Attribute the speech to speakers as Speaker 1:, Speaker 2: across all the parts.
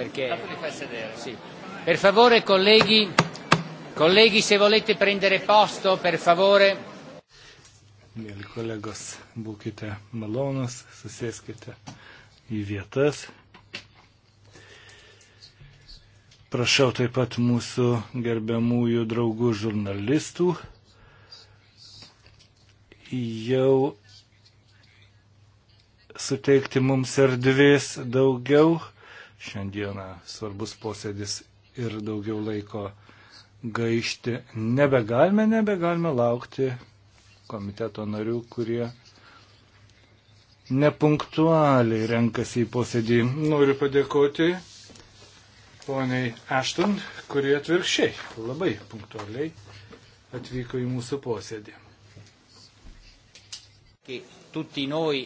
Speaker 1: perché... Sì. Per favore colleghi, colleghi se volete prendere posto, per favore.
Speaker 2: Mėly kolegos, būkite malonus, susėskite į vietas. Prašau taip pat mūsų gerbiamųjų draugų žurnalistų. Jau suteikti mums erdvės daugiau Šiandieną svarbus posėdis ir daugiau laiko gaišti nebegalime, nebegalime laukti komiteto narių, kurie nepunktualiai renkasi į posėdį. Noriu padėkoti poniai Ashton, kurie atvirkščiai labai punktualiai atvyko į mūsų posėdį.
Speaker 1: Tutti noi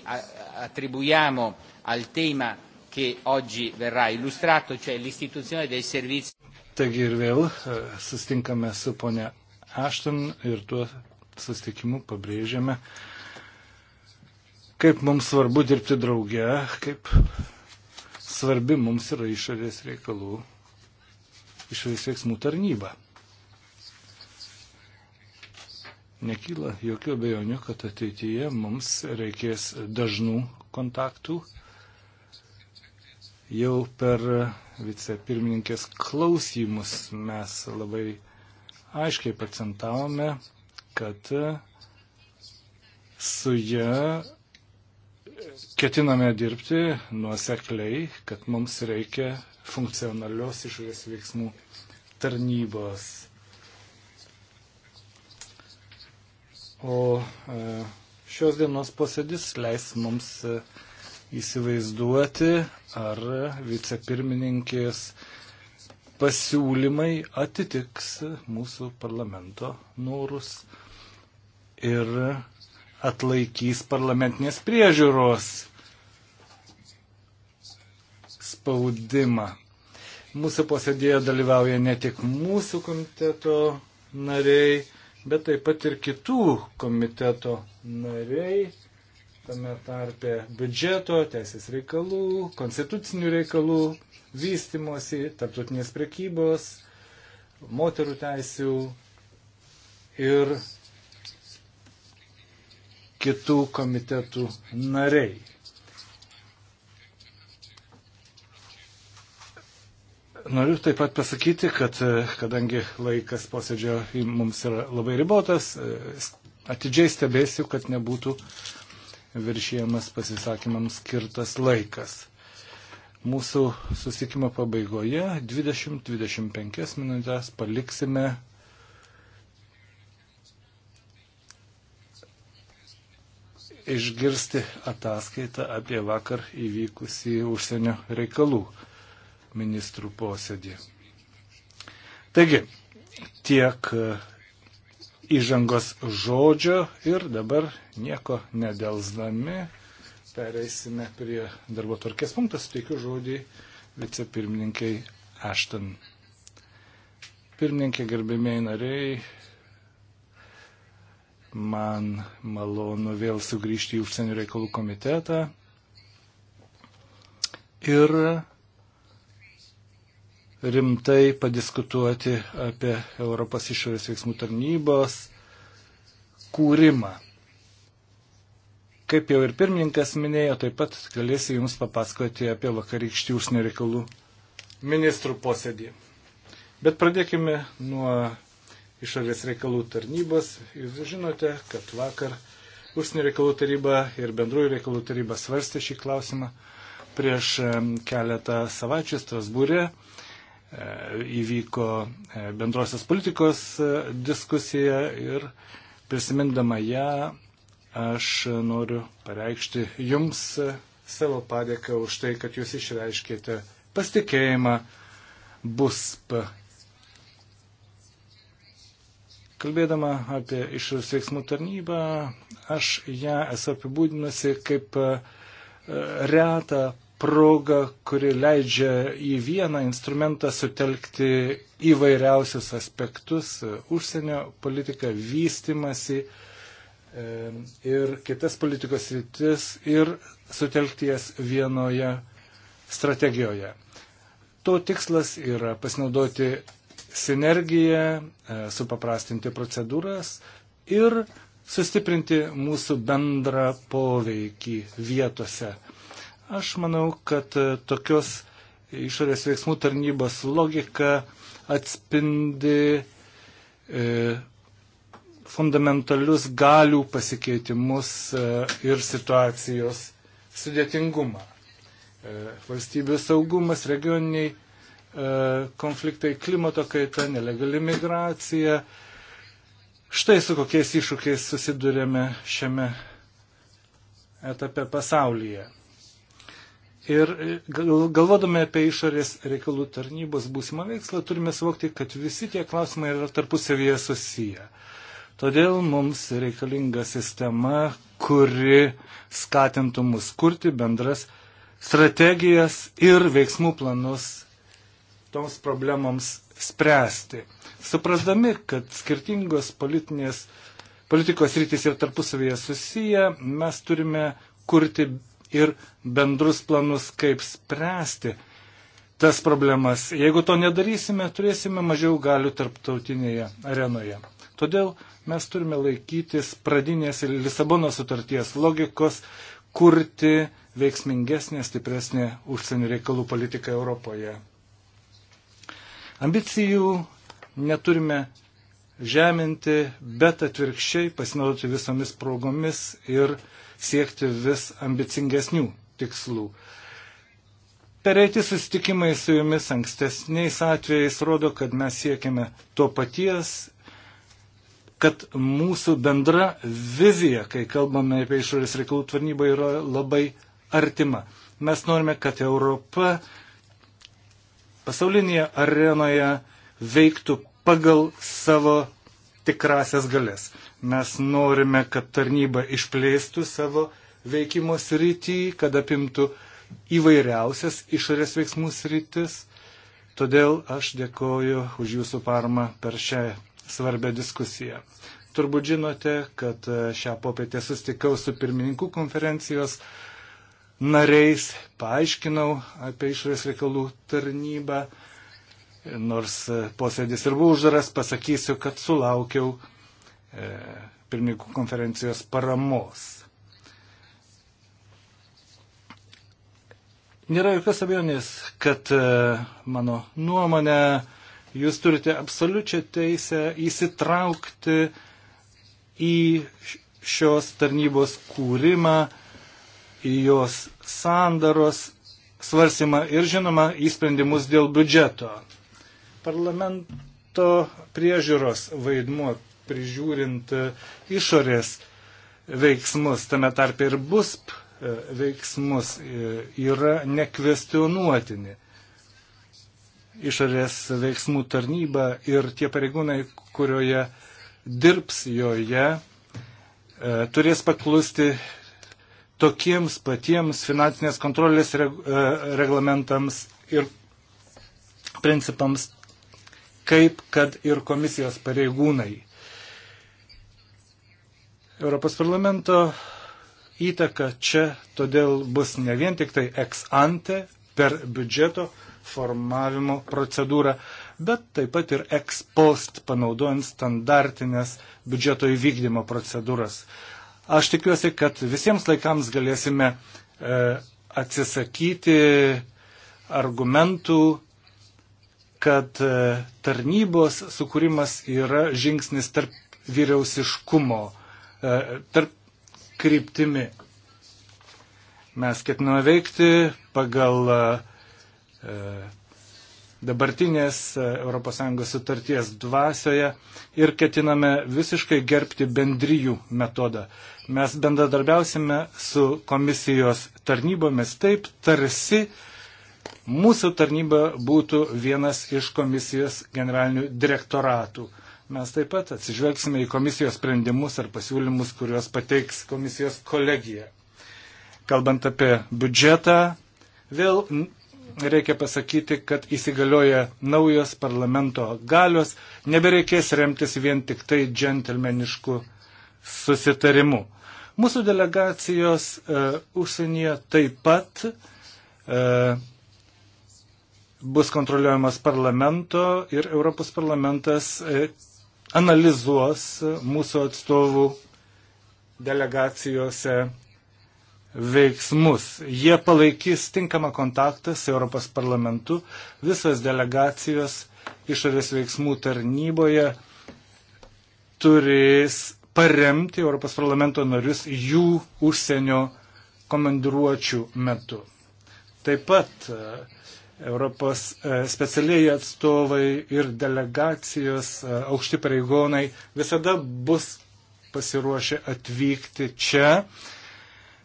Speaker 1: attribuiamo al tema che oggi verrà illustrato, cioè l'istituzione dei servizi.
Speaker 2: Taigi ir vėl e, sustinkame su ponia Ashton ir tuo sustikimu pabrėžiame, kaip mums svarbu dirbti drauge, kaip svarbi mums yra išorės reikalų, išorės veiksmų tarnyba. Nekyla jokių abejonių, kad ateityje mums reikės dažnų kontaktų Jau per vicepirmininkės klausimus mes labai aiškiai pacentavome, kad su ja ketiname dirbti nuosekliai, kad mums reikia funkcionalios išorės veiksmų tarnybos. O e, šios dienos posėdis leis mums e, įsivaizduoti, ar vicepirmininkės pasiūlymai atitiks mūsų parlamento norus ir atlaikys parlamentinės priežiūros spaudimą. Mūsų posėdėje dalyvauja ne tik mūsų komiteto nariai, bet taip pat ir kitų komiteto nariai tame tarpe biudžeto, teisės reikalų, konstitucinių reikalų, vystimosi, tarptautinės prekybos, moterų teisių ir kitų komitetų nariai. Noriu taip pat pasakyti, kad kadangi laikas posėdžio mums yra labai ribotas, atidžiai stebėsiu, kad nebūtų uh, viršiejamas pasisakymams skirtas laikas. Mūsų susikimo pabaigoje 20-25 minutės paliksime išgirsti ataskaitą apie vakar įvykusį užsienio reikalų ministrų posėdį. Taigi, tiek įžangos žodžio ir dabar nieko nedelsdami pereisime prie darbo tvarkės punktą, suteikiu žodį vicepirmininkai Ašton. Pirmininkė gerbėmiai nariai, man malonu vėl sugrįžti į užsienio reikalų komitetą ir rimtai padiskutuoti apie Europos išorės veiksmų tarnybos kūrimą. Kaip jau ir pirmininkas minėjo, taip pat galėsiu Jums papasakoti apie vakarykštį užsienio reikalų ministrų posėdį. Bet pradėkime nuo išorės reikalų tarnybos. Jūs žinote, kad vakar užsienio reikalų taryba ir bendrųjų reikalų taryba svarstė šį klausimą prieš keletą savaičių Strasbūrė. E įvyko e, bendrosios politikos e, diskusija ir prisimindama ją aš noriu pareikšti jums e, savo padėką už tai, kad jūs išreiškėte pasitikėjimą BUSP. Kalbėdama apie išorės veiksmų tarnybą, aš ją esu apibūdinusi kaip retą proga, kuri leidžia į vieną instrumentą sutelkti įvairiausius aspektus - užsienio politiką, vystimasi e, ir kitas politikos rytis ir sutelkties vienoje strategijoje. To tikslas yra pasinaudoti sinergiją, e, supaprastinti procedūras ir sustiprinti mūsų bendrą poveikį vietose Aš manau, kad e, tokios išorės veiksmų tarnybos logika atspindi e, fundamentalius galių pasikeitimus e, ir situacijos sudėtingumą. E, valstybių saugumas, regioniniai e, konfliktai, klimato kaita, nelegali migracija. Štai su kokiais iššūkiais susidurėme šiame etape pasaulyje. Ir e, galvodami apie išorės reikalų tarnybos būsimą veikslą, turime suvokti, kad visi tie klausimai yra tarpusavyje susiję. Todėl mums reikalinga sistema, kuri skatintų mus kurti bendras strategijas ir veiksmų planus toms problemoms spręsti. Suprasdami, kad skirtingos politinės, politikos rytis yra tarpusavyje susiję, mes turime kurti ir bendrus planus, kaip spręsti tas problemas. Jeigu to nedarysime, turėsime mažiau galių tarptautinėje arenoje. Todėl mes turime laikytis pradinės ir Lisabono sutarties logikos, kurti veiksmingesnė, stipresnė užsienio reikalų politika Europoje. Ambicijų neturime žeminti, bet atvirkščiai pasinaudoti visomis progomis ir siekti vis ambicingesnių tikslų. Pereiti susitikimai su jumis ankstesniais atvejais rodo, kad mes siekime to paties, kad mūsų bendra vizija, kai kalbame apie išorės reikalų tarnybą, yra labai artima. Mes norime, kad Europa pasaulinėje arenoje veiktų pagal savo tikrasias galės. Mes norime, kad tarnyba išplėstų savo veikimo sritį, kad apimtų įvairiausias išorės veiksmų sritis. Todėl aš dėkoju už jūsų parmą per šią svarbę diskusiją. Turbūt žinote, kad e, šią popietę sustikau su pirmininkų konferencijos nariais, paaiškinau apie išorės reikalų tarnybą nors posėdis ir buvo uždaras, pasakysiu, kad sulaukiau e, pirmininkų konferencijos paramos. Nėra jokios abejonės, kad e, mano nuomonė, jūs turite absoliučią teisę įsitraukti į šios tarnybos kūrimą, į jos sandaros svarsimą ir, žinoma, į sprendimus dėl biudžeto. Parlamento priežiūros vaidmuo prižiūrint e, išorės veiksmus, tame tarpe ir BUSP e, veiksmus, e, yra nekvestionuotini. Išorės veiksmų tarnyba ir tie pareigūnai, kurioje dirbs joje, turės paklusti tokiems patiems finansinės kontrolės reglamentams ir principams kaip kad ir komisijos pareigūnai. Europos parlamento įtaka čia todėl bus ne vien tik tai ex ante per biudžeto formavimo procedūrą, bet taip pat ir ex post panaudojant standartinės biudžeto įvykdymo procedūras. Aš tikiuosi, kad visiems laikams galėsime e, atsisakyti argumentų kad e, tarnybos sukūrimas yra žingsnis tarp vyriausiškumo, e, tarp kryptimi. Mes ketiname veikti pagal e, dabartinės ES sutarties dvasioje ir ketiname visiškai gerbti bendryjų metodą. Mes bendradarbiausime su komisijos tarnybomis taip, tarsi uh, mūsų tarnyba būtų vienas iš komisijos generalinių direktoratų. Mes taip pat atsižvelgsime į komisijos sprendimus ar pasiūlymus, kuriuos pateiks komisijos kolegija. Kalbant apie biudžetą, vėl reikia pasakyti, kad įsigalioja naujos parlamento galios, nebereikės remtis vien tik tai džentelmeniškų susitarimu. Mūsų delegacijos e, užsienyje taip pat e, bus kontroliuojamas parlamento ir Europos parlamentas e, analizuos e, mūsų atstovų delegacijose veiksmus. Jie palaikys tinkamą kontaktą su Europos parlamentu. Visas delegacijos išorės veiksmų tarnyboje turės paremti Europos parlamento narius jų užsienio komandiruočių metu. Taip pat e, Europos e, specialiai atstovai ir delegacijos e, aukšti pareigonai visada bus pasiruošę atvykti čia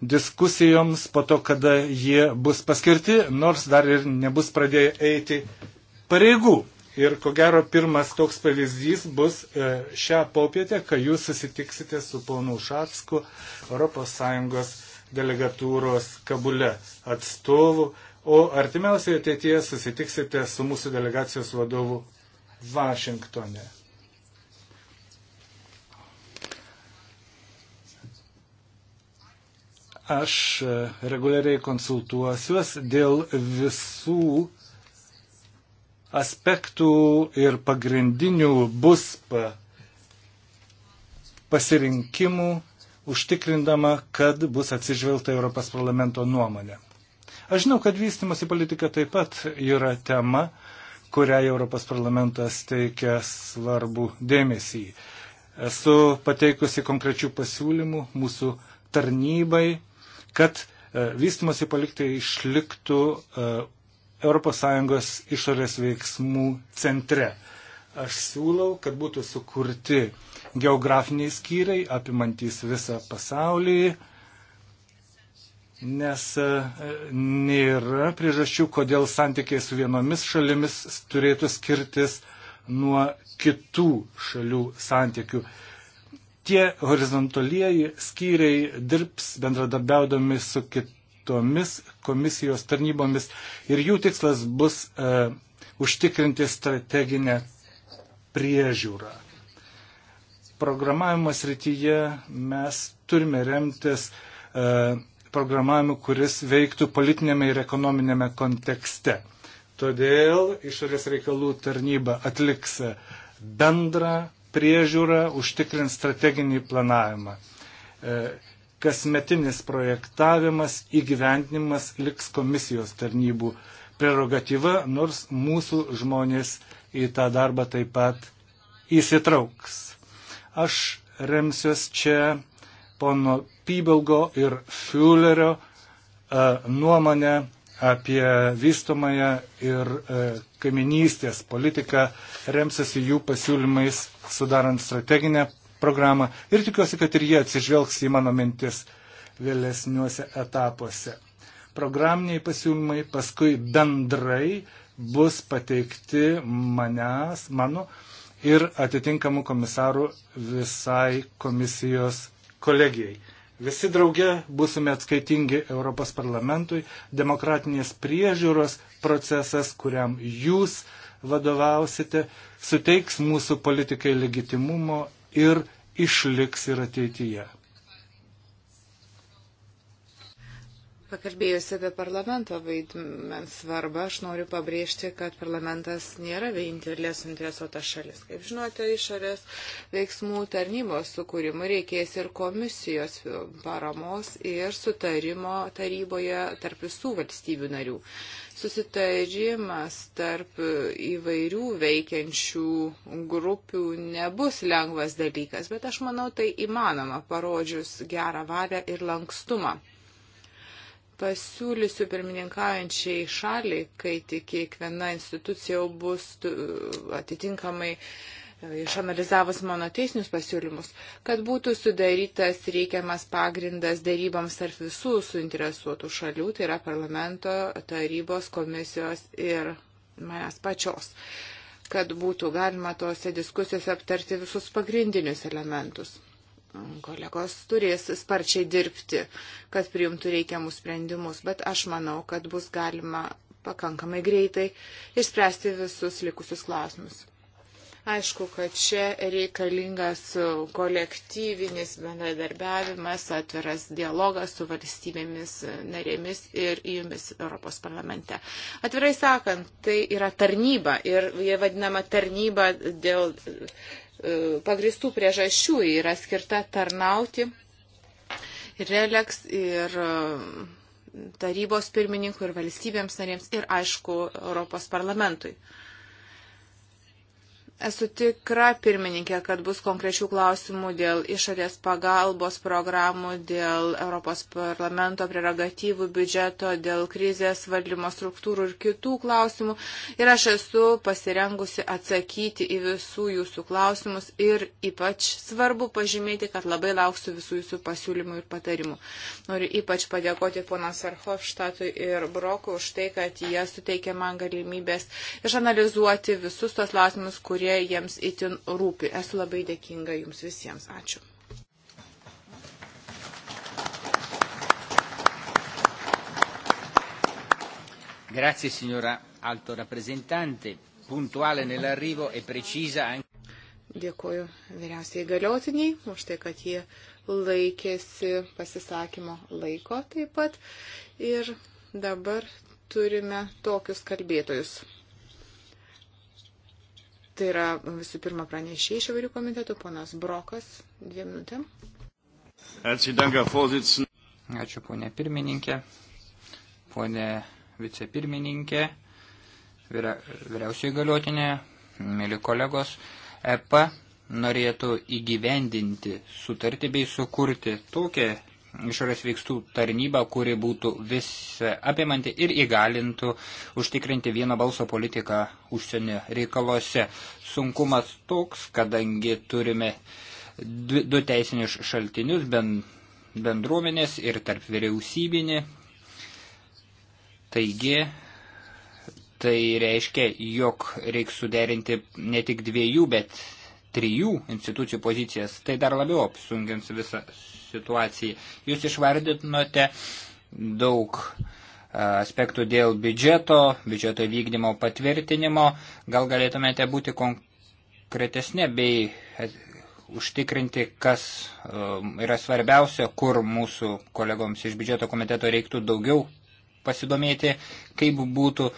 Speaker 2: diskusijoms po to, kada jie bus paskirti, nors dar ir nebus pradėję eiti pareigų. Ir ko gero pirmas toks pavyzdys bus e, šią popietę, kai jūs susitiksite su ponu Šatsku, ES delegatūros kabule atstovu o artimiausioje ateityje susitiksite su mūsų delegacijos vadovu Vašingtone. Aš e, reguliariai konsultuosiuos dėl visų aspektų ir pagrindinių bus pasirinkimų, užtikrindama, kad bus atsižvelgta Europos parlamento nuomonė. Aš žinau, kad vystimasi politika taip pat yra tema, kuriai Europos parlamentas teikia svarbų dėmesį. Esu pateikusi konkrečių pasiūlymų mūsų tarnybai, kad e, vystimasi paliktai išliktų ES išorės veiksmų centre. Aš siūlau, kad būtų sukurti geografiniai skyrai, apimantys visą pasaulį, nes e, nėra priežasčių, kodėl santykiai su vienomis šalimis turėtų skirtis nuo kitų šalių santykių. Tie horizontalieji skyriai dirbs bendradarbiaudami su kitomis komisijos tarnybomis ir jų tikslas bus e, užtikrinti strateginę priežiūrą. Programavimo srityje mes turime remtis e, programavimu, kuris veiktų politinėme ir ekonominėme kontekste. Todėl išorės reikalų tarnyba atliks bendrą priežiūrą, užtikrins strateginį planavimą. E, kasmetinis projektavimas, įgyvendinimas liks komisijos tarnybų prerogatyva, nors mūsų žmonės į tą darbą taip pat įsitrauks. Aš remsiuos čia pono Pybelgo ir Fiulerio e, nuomonę apie vystomąją ir e, kaiminystės politiką remsiasi jų pasiūlymais sudarant strateginę programą ir tikiuosi, kad ir jie atsižvelgs į mano mintis vėlesniuose etapuose. Programiniai pasiūlymai paskui bendrai bus pateikti manęs, mano ir atitinkamų komisarų visai komisijos kolegijai. Visi drauge būsime atskaitingi Europos parlamentui, demokratinės priežiūros procesas, kuriam jūs vadovausite, suteiks mūsų politikai legitimumo ir išliks ir ateityje.
Speaker 3: Pakalbėjus apie parlamento vaidmens svarbą, aš noriu pabrėžti, kad parlamentas nėra vienintelė suinteresuota šalis. Kaip žinote, išorės veiksmų tarnybos sukūrimui reikės ir komisijos paramos ir sutarimo taryboje tarp visų valstybių narių. Susitarimas tarp įvairių veikiančių grupių nebus lengvas dalykas, bet aš manau tai įmanoma parodžius gerą valią ir lankstumą pasiūlysiu pirmininkaujančiai šaliai, kai tik kiekviena institucija jau bus atitinkamai e, išanalizavus mano teisinius pasiūlymus, kad būtų sudarytas reikiamas pagrindas darybams tarp visų suinteresuotų šalių, tai yra parlamento, tarybos, komisijos ir manęs pačios, kad būtų galima tose diskusijose aptarti visus pagrindinius elementus kolegos turės sparčiai dirbti, kad priimtų reikiamus sprendimus, bet aš manau, kad bus galima pakankamai greitai išspręsti visus likusius klausimus. Aišku, kad čia reikalingas kolektyvinis bendradarbiavimas, atviras dialogas su valstybėmis narėmis ir jumis Europos parlamente. Atvirai sakant, tai yra tarnyba ir jie vadinama tarnyba dėl E, pagristų priežasčių yra skirta tarnauti Releks ir e, tarybos pirmininkui ir valstybėms narėms ir aišku Europos parlamentui. Esu tikra pirmininkė, kad bus konkrečių klausimų dėl išorės pagalbos programų, dėl Europos parlamento prerogatyvų biudžeto, dėl krizės valdymo struktūrų ir kitų klausimų. Ir aš esu pasirengusi atsakyti į visų jūsų klausimus ir ypač svarbu pažymėti, kad labai lauksiu visų jūsų pasiūlymų ir patarimų. Noriu ypač padėkoti ponas Verhofštatui ir Brokui už tai, kad jie suteikė man galimybės išanalizuoti visus tos klausimus, kurie kurie jiems itin rūpi. Esu labai dėkinga jums visiems. Ačiū.
Speaker 1: Grazie signora alto rappresentante, puntuale nell'arrivo e precisa anche.
Speaker 3: Dėkuoju vyriausiai galiotiniai už tai, kad jie laikėsi pasisakymo laiko taip pat. Ir dabar turime tokius kalbėtojus. Tai yra visų pirma pranešė iš įvairių komitetų, ponas Brokas, dviem minutėm.
Speaker 4: Ačiū, ponė pirmininkė, ponė vicepirmininkė, vyra, vyriausiai galiotinė, mėly kolegos. EP norėtų įgyvendinti sutartį bei sukurti tokią išorės veikstų tarnybą, kuri būtų vis apimanti ir įgalintų užtikrinti vieną balso politiką užsienio reikaluose. Sunkumas toks, kadangi turime du teisinius šaltinius, bendruomenės ir tarp vyriausybinį. Taigi, tai reiškia, jog reiks suderinti ne tik dviejų, bet trijų institucijų pozicijas. Tai dar labiau apsungins visą situacijai. Jūs išvardinote daug e, aspektų dėl biudžeto, biudžeto vykdymo patvirtinimo. Gal galėtumėte būti konkretesnė bei e, užtikrinti, kas e, yra svarbiausia, kur mūsų kolegoms iš biudžeto komiteto reiktų daugiau pasidomėti, kaip būtų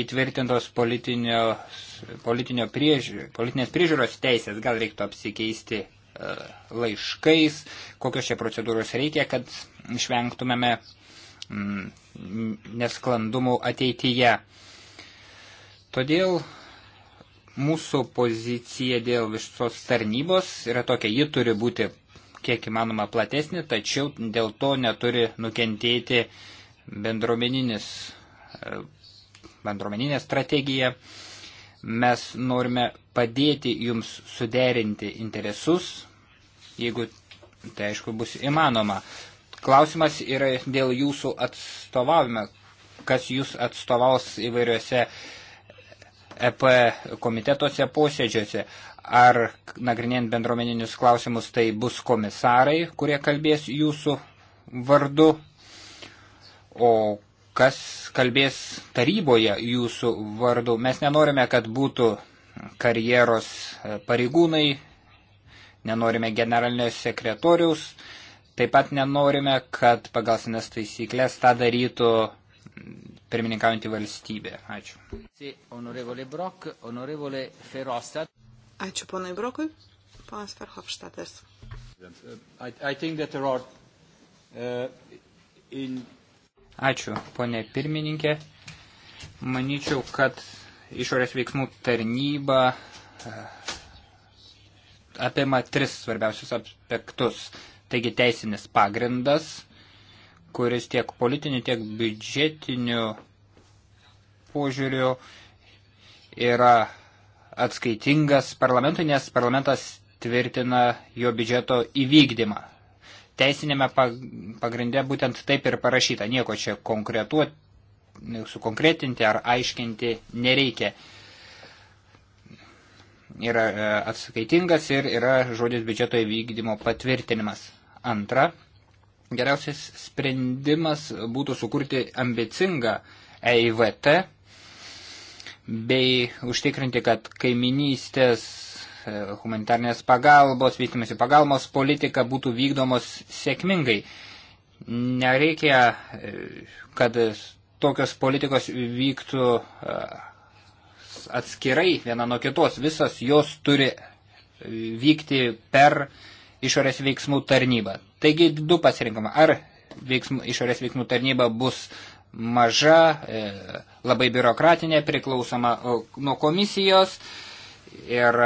Speaker 4: įtvirtintos politinio, politinio prieži, politinės priežiūros teisės, gal reiktų apsikeisti laiškais, kokios čia procedūros reikia, kad išvengtumėme mm, nesklandumų ateityje. Todėl mūsų pozicija dėl visos tarnybos yra tokia, ji turi būti kiek įmanoma platesnė, tačiau dėl to neturi nukentėti bendruomeninis, bendruomeninė strategija. Mes norime padėti jums suderinti interesus, jeigu tai aišku bus įmanoma. Klausimas yra dėl jūsų atstovavime, kas jūs atstovaus įvairiuose EP komitetuose posėdžiuose. Ar nagrinėjant bendruomeninius klausimus, tai bus komisarai, kurie kalbės jūsų vardu, o kas kalbės taryboje jūsų vardu. Mes nenorime, kad būtų karjeros pareigūnai, nenorime generalinio sekretoriaus, taip pat nenorime, kad pagal senes taisyklės tą darytų pirmininkaujantį valstybę. Ačiū.
Speaker 1: Ačiū ponai Brokui. Ponas Verhofstadtas. Uh,
Speaker 4: Ačiū, ponė pirmininkė. Manyčiau, kad išorės veiksmų tarnyba apima tris svarbiausius aspektus. Taigi teisinis pagrindas, kuris tiek politiniu, tiek biudžetiniu požiūriu yra atskaitingas parlamentui, nes parlamentas tvirtina jo biudžeto įvykdymą. Teisinėme pagrinde būtent taip ir parašyta, nieko čia konkretuoti, sukonkretinti ar aiškinti nereikia yra e, atskaitingas ir yra žodis biudžeto įvykdymo patvirtinimas. Antra, geriausias sprendimas būtų sukurti ambicingą EIVT bei užtikrinti, kad kaiminystės e, humanitarnės pagalbos, vystimėsi pagalbos politika būtų vykdomos sėkmingai. Nereikia, e, kad tokios politikos vyktų atskirai viena nuo kitos, visas jos turi vykti per išorės veiksmų tarnybą. Taigi du pasirinkama, ar veiksmų, išorės veiksmų tarnyba bus maža, e, labai biurokratinė, priklausoma nuo komisijos ir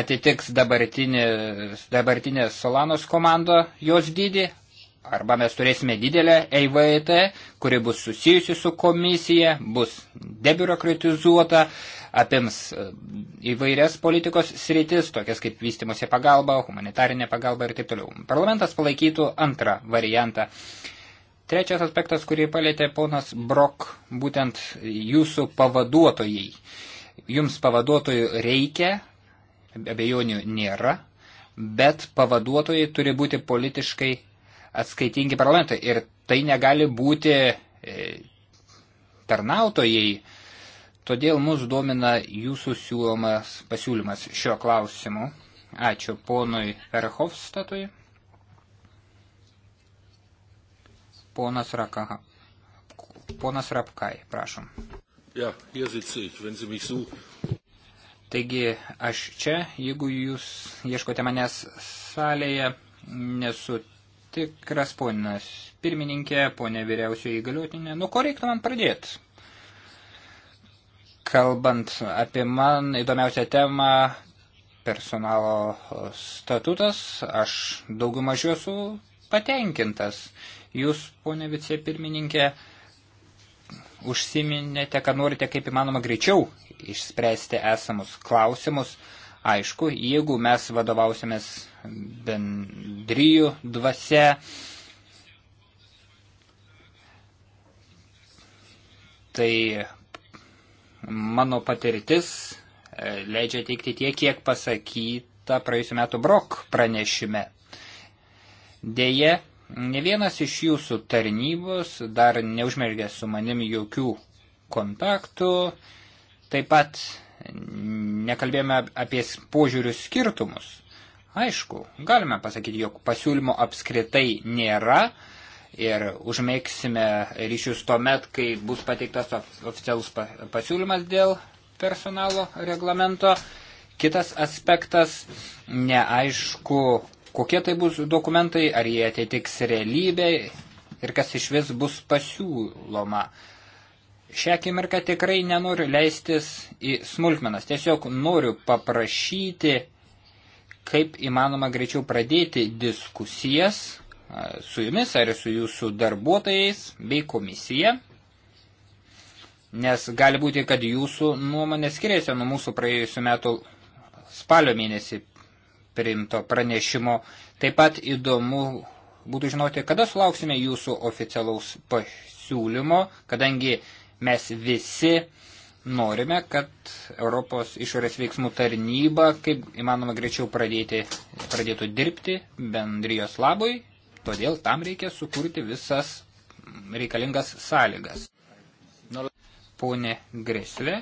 Speaker 4: atitiks dabartinė, dabartinė Solanos komando jos dydį, arba mes turėsime didelę EIVT, kuri bus susijusi su komisija, bus debiurokratizuota, apims e, įvairias politikos sritis, tokias kaip vystimosi pagalba, humanitarinė pagalba ir taip toliau. Parlamentas palaikytų antrą variantą. Trečias aspektas, kurį palėtė ponas Brok, būtent jūsų pavaduotojai. Jums pavaduotojų reikia, abejonių nėra, bet pavaduotojai turi būti politiškai atskaitingi parlamentui ir tai negali būti e, tarnautojai. Todėl mus domina jūsų siūlomas pasiūlymas šiuo klausimu. Ačiū ponui Verhofstatui. Ponas, Raka, ponas Rapkai, prašom.
Speaker 2: Ja, hier sitze ich, wenn Sie mich suchen.
Speaker 4: Taigi aš čia, jeigu jūs ieškote manęs salėje, nesu tikras poninas pirmininkė, ponė vyriausioji įgaliotinė. Nu, ko reiktų man pradėti? Kalbant apie man įdomiausią temą personalo statutas, aš daugiau mažiau esu patenkintas. Jūs, ponė vicepirmininkė, užsiminėte, kad norite kaip įmanoma greičiau išspręsti esamus klausimus. Aišku, jeigu mes vadovausiamės bendryjų dvasia, tai mano patirtis e, leidžia teikti tiek, kiek pasakyta praėjusiu metu Brok pranešime. Deja, ne vienas iš jūsų tarnybos dar neužmergė su manim jokių kontaktų, taip pat nekalbėjome apie požiūrių skirtumus. Aišku, galime pasakyti, jog pasiūlymo apskritai nėra ir užmėgsime ryšius tuo met, kai bus pateiktas oficialus pasiūlymas dėl personalo reglamento. Kitas aspektas - neaišku, kokie tai bus dokumentai, ar jie atitiks realybę ir kas iš vis bus pasiūloma šią akimirką tikrai nenoriu leistis į smulkmenas. Tiesiog noriu paprašyti, kaip įmanoma greičiau pradėti diskusijas su jumis ar su jūsų darbuotojais bei komisija, nes gali būti, kad jūsų nuomonė skiriasi nuo mūsų praėjusiu metu spalio mėnesį priimto pranešimo. Taip pat įdomu būtų žinoti, kada sulauksime jūsų oficialaus pasiūlymo, kadangi Mes visi norime, kad Europos išorės veiksmų tarnyba, kaip įmanoma greičiau pradėti, pradėtų dirbti bendrijos labui, todėl tam reikia sukurti visas reikalingas sąlygas. Pone Greslė,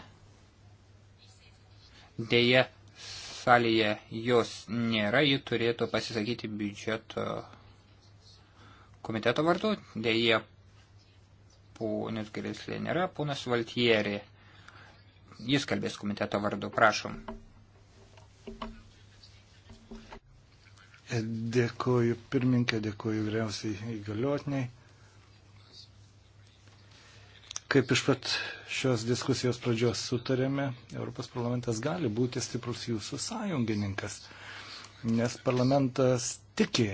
Speaker 4: dėje salėje jos nėra, ji turėtų pasisakyti biudžeto komiteto vardu, dėje ponas Grislė nėra, ponas Valtieri. Jis kalbės komiteto vardu, prašom.
Speaker 2: Dėkoju pirmininkė, dėkoju vyriausiai įgaliotiniai. Kaip iš pat šios diskusijos pradžios sutarėme, Europos parlamentas gali būti stiprus jūsų sąjungininkas, nes parlamentas tiki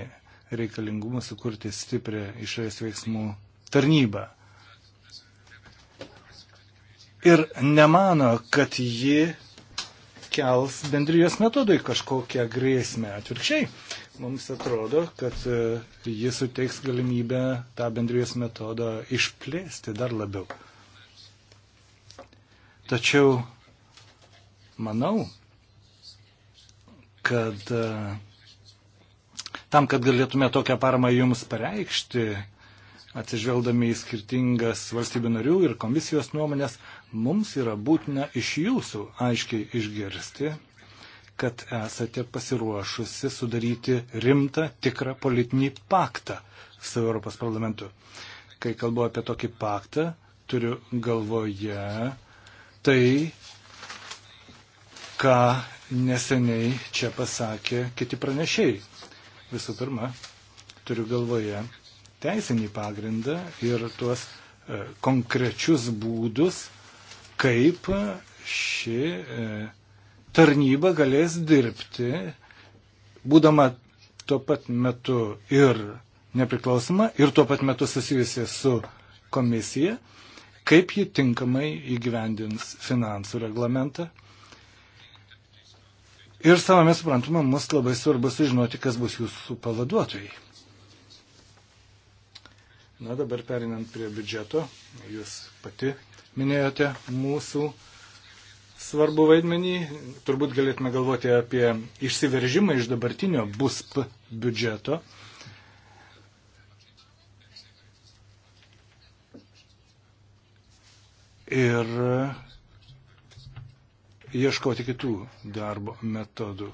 Speaker 2: reikalingumu sukurti stiprią išorės veiksmų tarnybą ir nemano, kad ji kels bendrijos metodui kažkokią grėsmę. Atvirkščiai, mums atrodo, kad e, ji suteiks galimybę tą bendrijos metodą išplėsti dar labiau. Tačiau manau, kad e, tam, kad galėtume tokią paramą jums pareikšti, atsižvelgdami į skirtingas valstybių narių ir komisijos nuomonės, mums yra būtina iš jūsų aiškiai išgirsti, kad esate pasiruošusi sudaryti rimtą, tikrą politinį paktą su Europos parlamentu. Kai kalbu apie tokį paktą, turiu galvoje tai, ką neseniai čia pasakė kiti pranešėjai. Visų pirma, turiu galvoje teisinį pagrindą ir tuos e, konkrečius būdus, kaip e, ši e, tarnyba galės dirbti, būdama tuo pat metu ir nepriklausoma, ir tuo pat metu susijusi su komisija, kaip ji tinkamai įgyvendins finansų reglamentą. Ir savame suprantama, mus labai svarbu sužinoti, kas bus jūsų pavaduotojai. Na dabar perinant prie biudžeto, jūs pati minėjote mūsų svarbu vaidmenį. Turbūt galėtume galvoti apie išsiveržimą iš dabartinio BUSP biudžeto. Ir ieškoti kitų darbo metodų.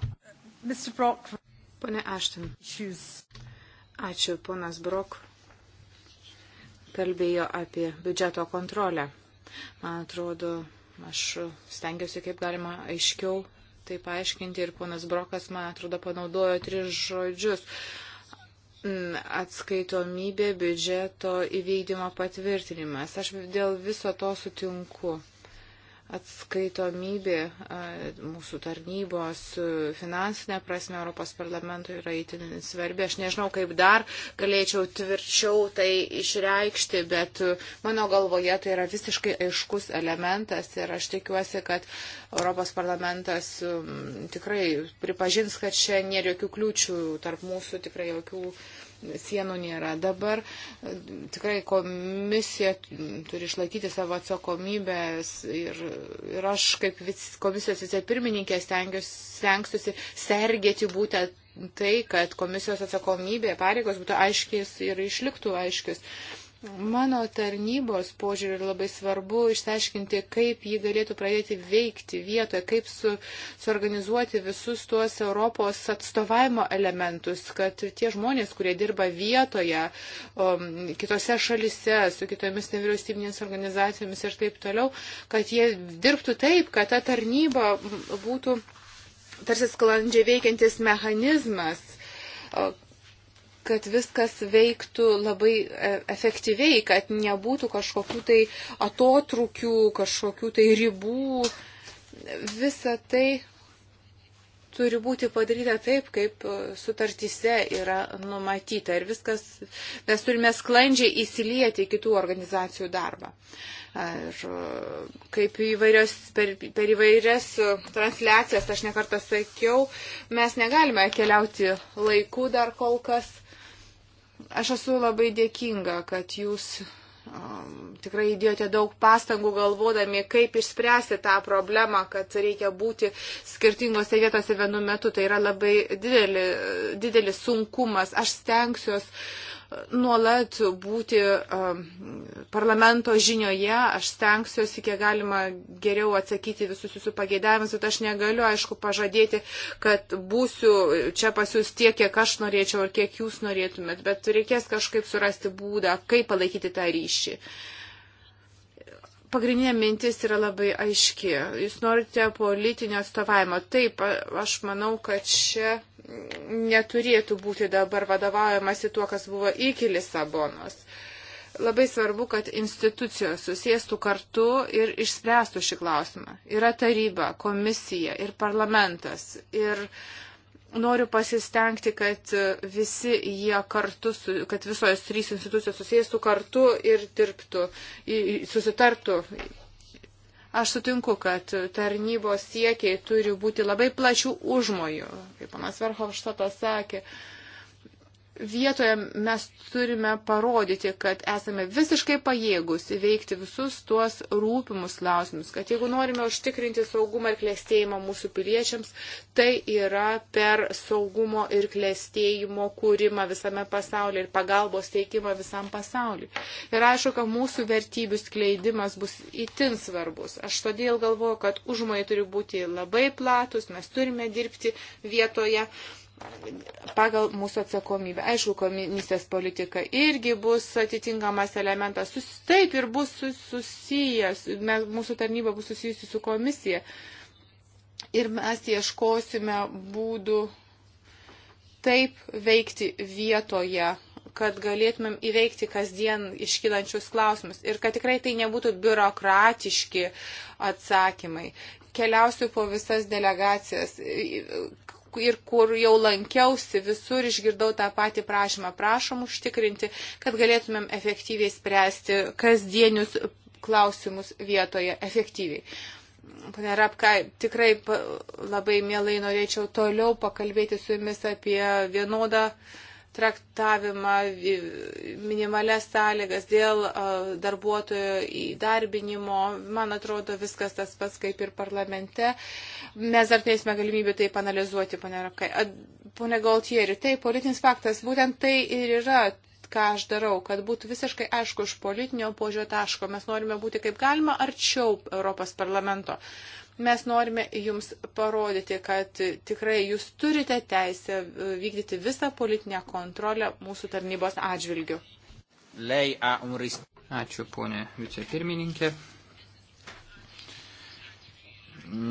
Speaker 3: Pone Ašten. Ačiū, ponas Brok kalbėjo apie biudžeto kontrolę. Man atrodo, aš stengiuosi kaip galima aiškiau tai paaiškinti ir ponas Brokas, man atrodo, panaudojo tris žodžius mm, atskaitomybė, biudžeto įvykdymo patvirtinimas. Aš dėl viso to sutinku atskaitomybė mūsų tarnybos finansinė prasme Europos parlamentui yra įtin svarbi. Aš nežinau, kaip dar galėčiau tvirčiau tai išreikšti, bet mano galvoje tai yra visiškai aiškus elementas ir aš tikiuosi, kad Europos parlamentas tikrai pripažins, kad čia nėra jokių kliūčių tarp mūsų, tikrai jokių uh, sienų nėra dabar. Tikrai komisija turi išlaikyti savo atsakomybės ir, ir aš kaip vis, komisijos vicepirmininkė stengsiuosi sergėti būtent tai, kad komisijos atsakomybė, pareigos būtų aiškis ir išliktų aiškis. Mano tarnybos požiūrį yra labai svarbu išsiaiškinti, kaip jį galėtų pradėti veikti vietoje, kaip su, suorganizuoti visus tuos Europos atstovavimo elementus, kad tie žmonės, kurie dirba vietoje, o, um, kitose šalise, su kitomis nevyriausybinės organizacijomis ir taip toliau, kad jie dirbtų taip, kad ta tarnyba būtų tarsi sklandžiai veikiantis mechanizmas, kad viskas veiktų labai e, efektyviai, kad nebūtų kažkokių tai atotrukių, kažkokių tai ribų. Visa tai turi būti padaryta taip, kaip e, sutartyse yra numatyta. Ir viskas, mes turime sklandžiai įsilieti į kitų organizacijų darbą. Ir e, kaip įvairios, per, per įvairias transliacijas, aš nekartą sakiau, mes negalime keliauti laiku dar kol kas. Aš esu labai dėkinga, kad jūs um, tikrai įdėjote daug pastangų galvodami, kaip išspręsti tą problemą, kad reikia būti skirtingose vietose vienu metu. Tai yra labai didelis, didelis sunkumas. Aš stengsiuos nuolat būti um, parlamento žinioje, aš stengsiuosi kiek galima geriau atsakyti visus jūsų pageidavimus, bet aš negaliu, aišku, pažadėti, kad būsiu čia pas jūs tiek, kiek aš norėčiau ir kiek jūs norėtumėt, bet reikės kažkaip surasti būdą, kaip palaikyti tą ryšį. Uh, pagrindinė mintis yra labai aiški. Jūs norite politinio atstovavimo. Taip, aš manau, kad čia neturėtų būti dabar vadovaujamasi tuo, kas buvo iki Lisabonos. Labai svarbu, kad institucijos susėstų kartu ir išspręstų šį klausimą. Yra taryba, komisija ir parlamentas. Ir uh, noriu pasistengti, kad visi jie kartu, su, kad visos trys institucijos susijęstų kartu ir dirbtų, susitartų. Aš sutinku, kad tarnybos siekiai turi būti labai plačių užmojų, kaip panas Verhofštatas sakė. Uh, vietoje mes turime parodyti, kad esame visiškai pajėgus įveikti visus tuos rūpimus klausimus, kad jeigu norime užtikrinti saugumą ir klėstėjimą mūsų piliečiams, tai yra per saugumo ir klėstėjimo kūrimą visame pasaulyje ir pagalbos teikimą visam pasauliu. Ir aišku, kad mūsų vertybių skleidimas bus itin svarbus. Aš todėl galvoju, kad užmai turi būti labai platus, mes turime dirbti vietoje pagal mūsų atsakomybę. Aišku, komisijos politika irgi bus atitinkamas elementas. Sus, taip ir bus sus, susijęs, mes, mūsų tarnyba bus susijusi su komisija. Ir mes ieškosime būdų taip veikti vietoje, kad galėtumėm įveikti kasdien iškylančius klausimus ir kad tikrai tai nebūtų biurokratiški atsakymai. Keliausiu po visas delegacijas, ir kur jau lankiausi, visur išgirdau tą patį prašymą. Prašom užtikrinti, kad galėtumėm efektyviai spręsti kasdienius klausimus vietoje efektyviai. Pane Rapka, tikrai labai mielai norėčiau toliau pakalbėti su jumis apie vienodą uh, traktavimą, minimalias sąlygas dėl darbuotojo įdarbinimo. Man atrodo, viskas tas pats kaip ir parlamente. Mes dar teisime galimybę tai analizuoti, pane Rapkai. Pone Galtieri, tai politinis faktas, būtent tai ir yra ką aš darau, kad būtų visiškai aišku iš politinio požiūrio taško. Mes norime būti kaip galima arčiau Europos parlamento. Mes norime jums parodyti, kad tikrai jūs turite teisę e, vykdyti visą politinę kontrolę mūsų tarnybos atžvilgių.
Speaker 4: Ačiū, ponė vicepirmininkė.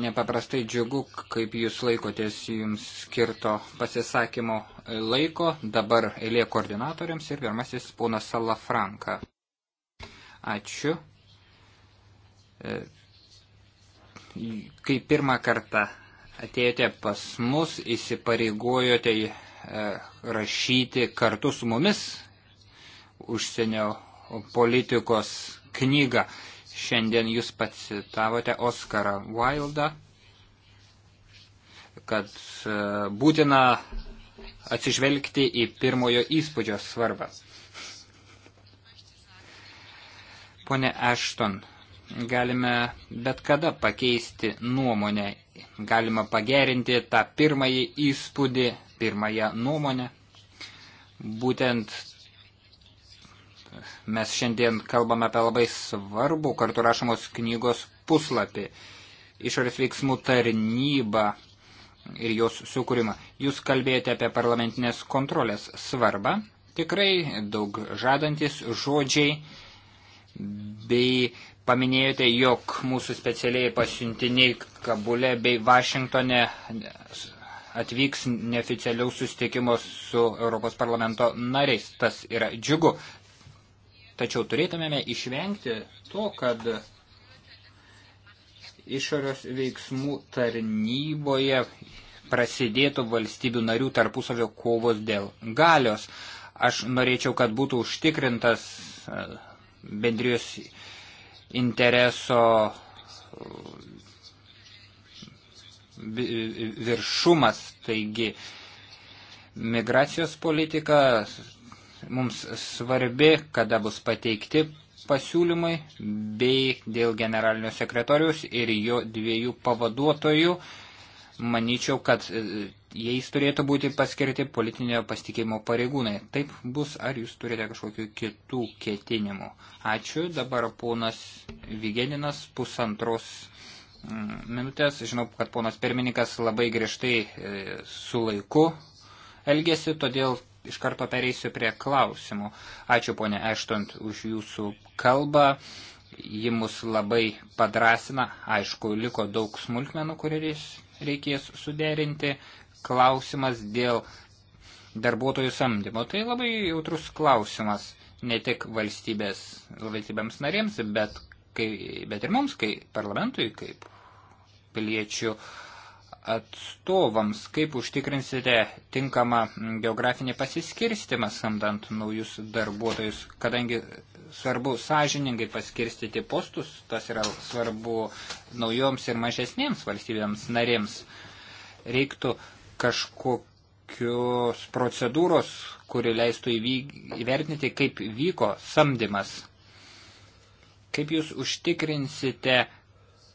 Speaker 4: Nepaprastai džiugu, kaip jūs laikotės jums skirto pasisakymo laiko. Dabar eilė koordinatoriams ir pirmasis ponas Salafranka. Ačiū. E, kai pirmą kartą atėjote pas mus, įsipareigojote e, rašyti kartu su mumis užsienio politikos knygą. Šiandien jūs pats citavote Oskarą Wildą, kad e, būtina atsižvelgti į pirmojo įspūdžio svarbą. Pone Ashton, galime bet kada pakeisti nuomonę, galima pagerinti tą pirmąjį įspūdį, pirmąją nuomonę. Būtent mes šiandien kalbame apie labai svarbų kartu rašomos knygos puslapį, išorės veiksmų tarnybą ir jos sukūrimą. Jūs kalbėjote apie parlamentinės kontrolės svarbą, tikrai daug žadantis žodžiai bei Paminėjote, jog mūsų specialiai pasiuntiniai Kabule bei Vašingtone atvyks neoficialiau sustikimo su Europos parlamento nariais. Tas yra džiugu. Tačiau turėtumėme išvengti to, kad išorės veiksmų tarnyboje prasidėtų valstybių narių tarpusavio kovos dėl galios. Aš norėčiau, kad būtų užtikrintas e, bendrijos intereso viršumas, taigi migracijos politika mums svarbi, kada bus pateikti pasiūlymai, bei dėl generalinio sekretorius ir jo dviejų pavaduotojų. Manyčiau, kad jais turėtų būti paskirti politinio pasitikėjimo pareigūnai. Taip bus, ar jūs turite kažkokių kitų ketinimų. Ačiū. Dabar ponas Vigeninas pusantros mm, minutės. Žinau, kad ponas pirmininkas labai griežtai e, su laiku elgėsi, todėl iš karto pereisiu prie klausimų. Ačiū ponė Eštant už jūsų kalbą. Ji mus labai padrasina. Aišku, liko daug smulkmenų, kuriais reikės suderinti klausimas dėl darbuotojų samdymo. Tai labai jautrus klausimas ne tik valstybės, valstybėms narėms, bet, kai, bet ir mums, kai parlamentui, kaip piliečių atstovams, kaip užtikrinsite tinkamą geografinį pasiskirstimą samdant naujus darbuotojus, kadangi svarbu sąžiningai paskirstyti postus, tas yra svarbu naujoms ir mažesnėms valstybėms narėms. Reiktų uh, kažkokios procedūros, kuri leistų įvertinti, kaip vyko samdymas. Kaip jūs užtikrinsite,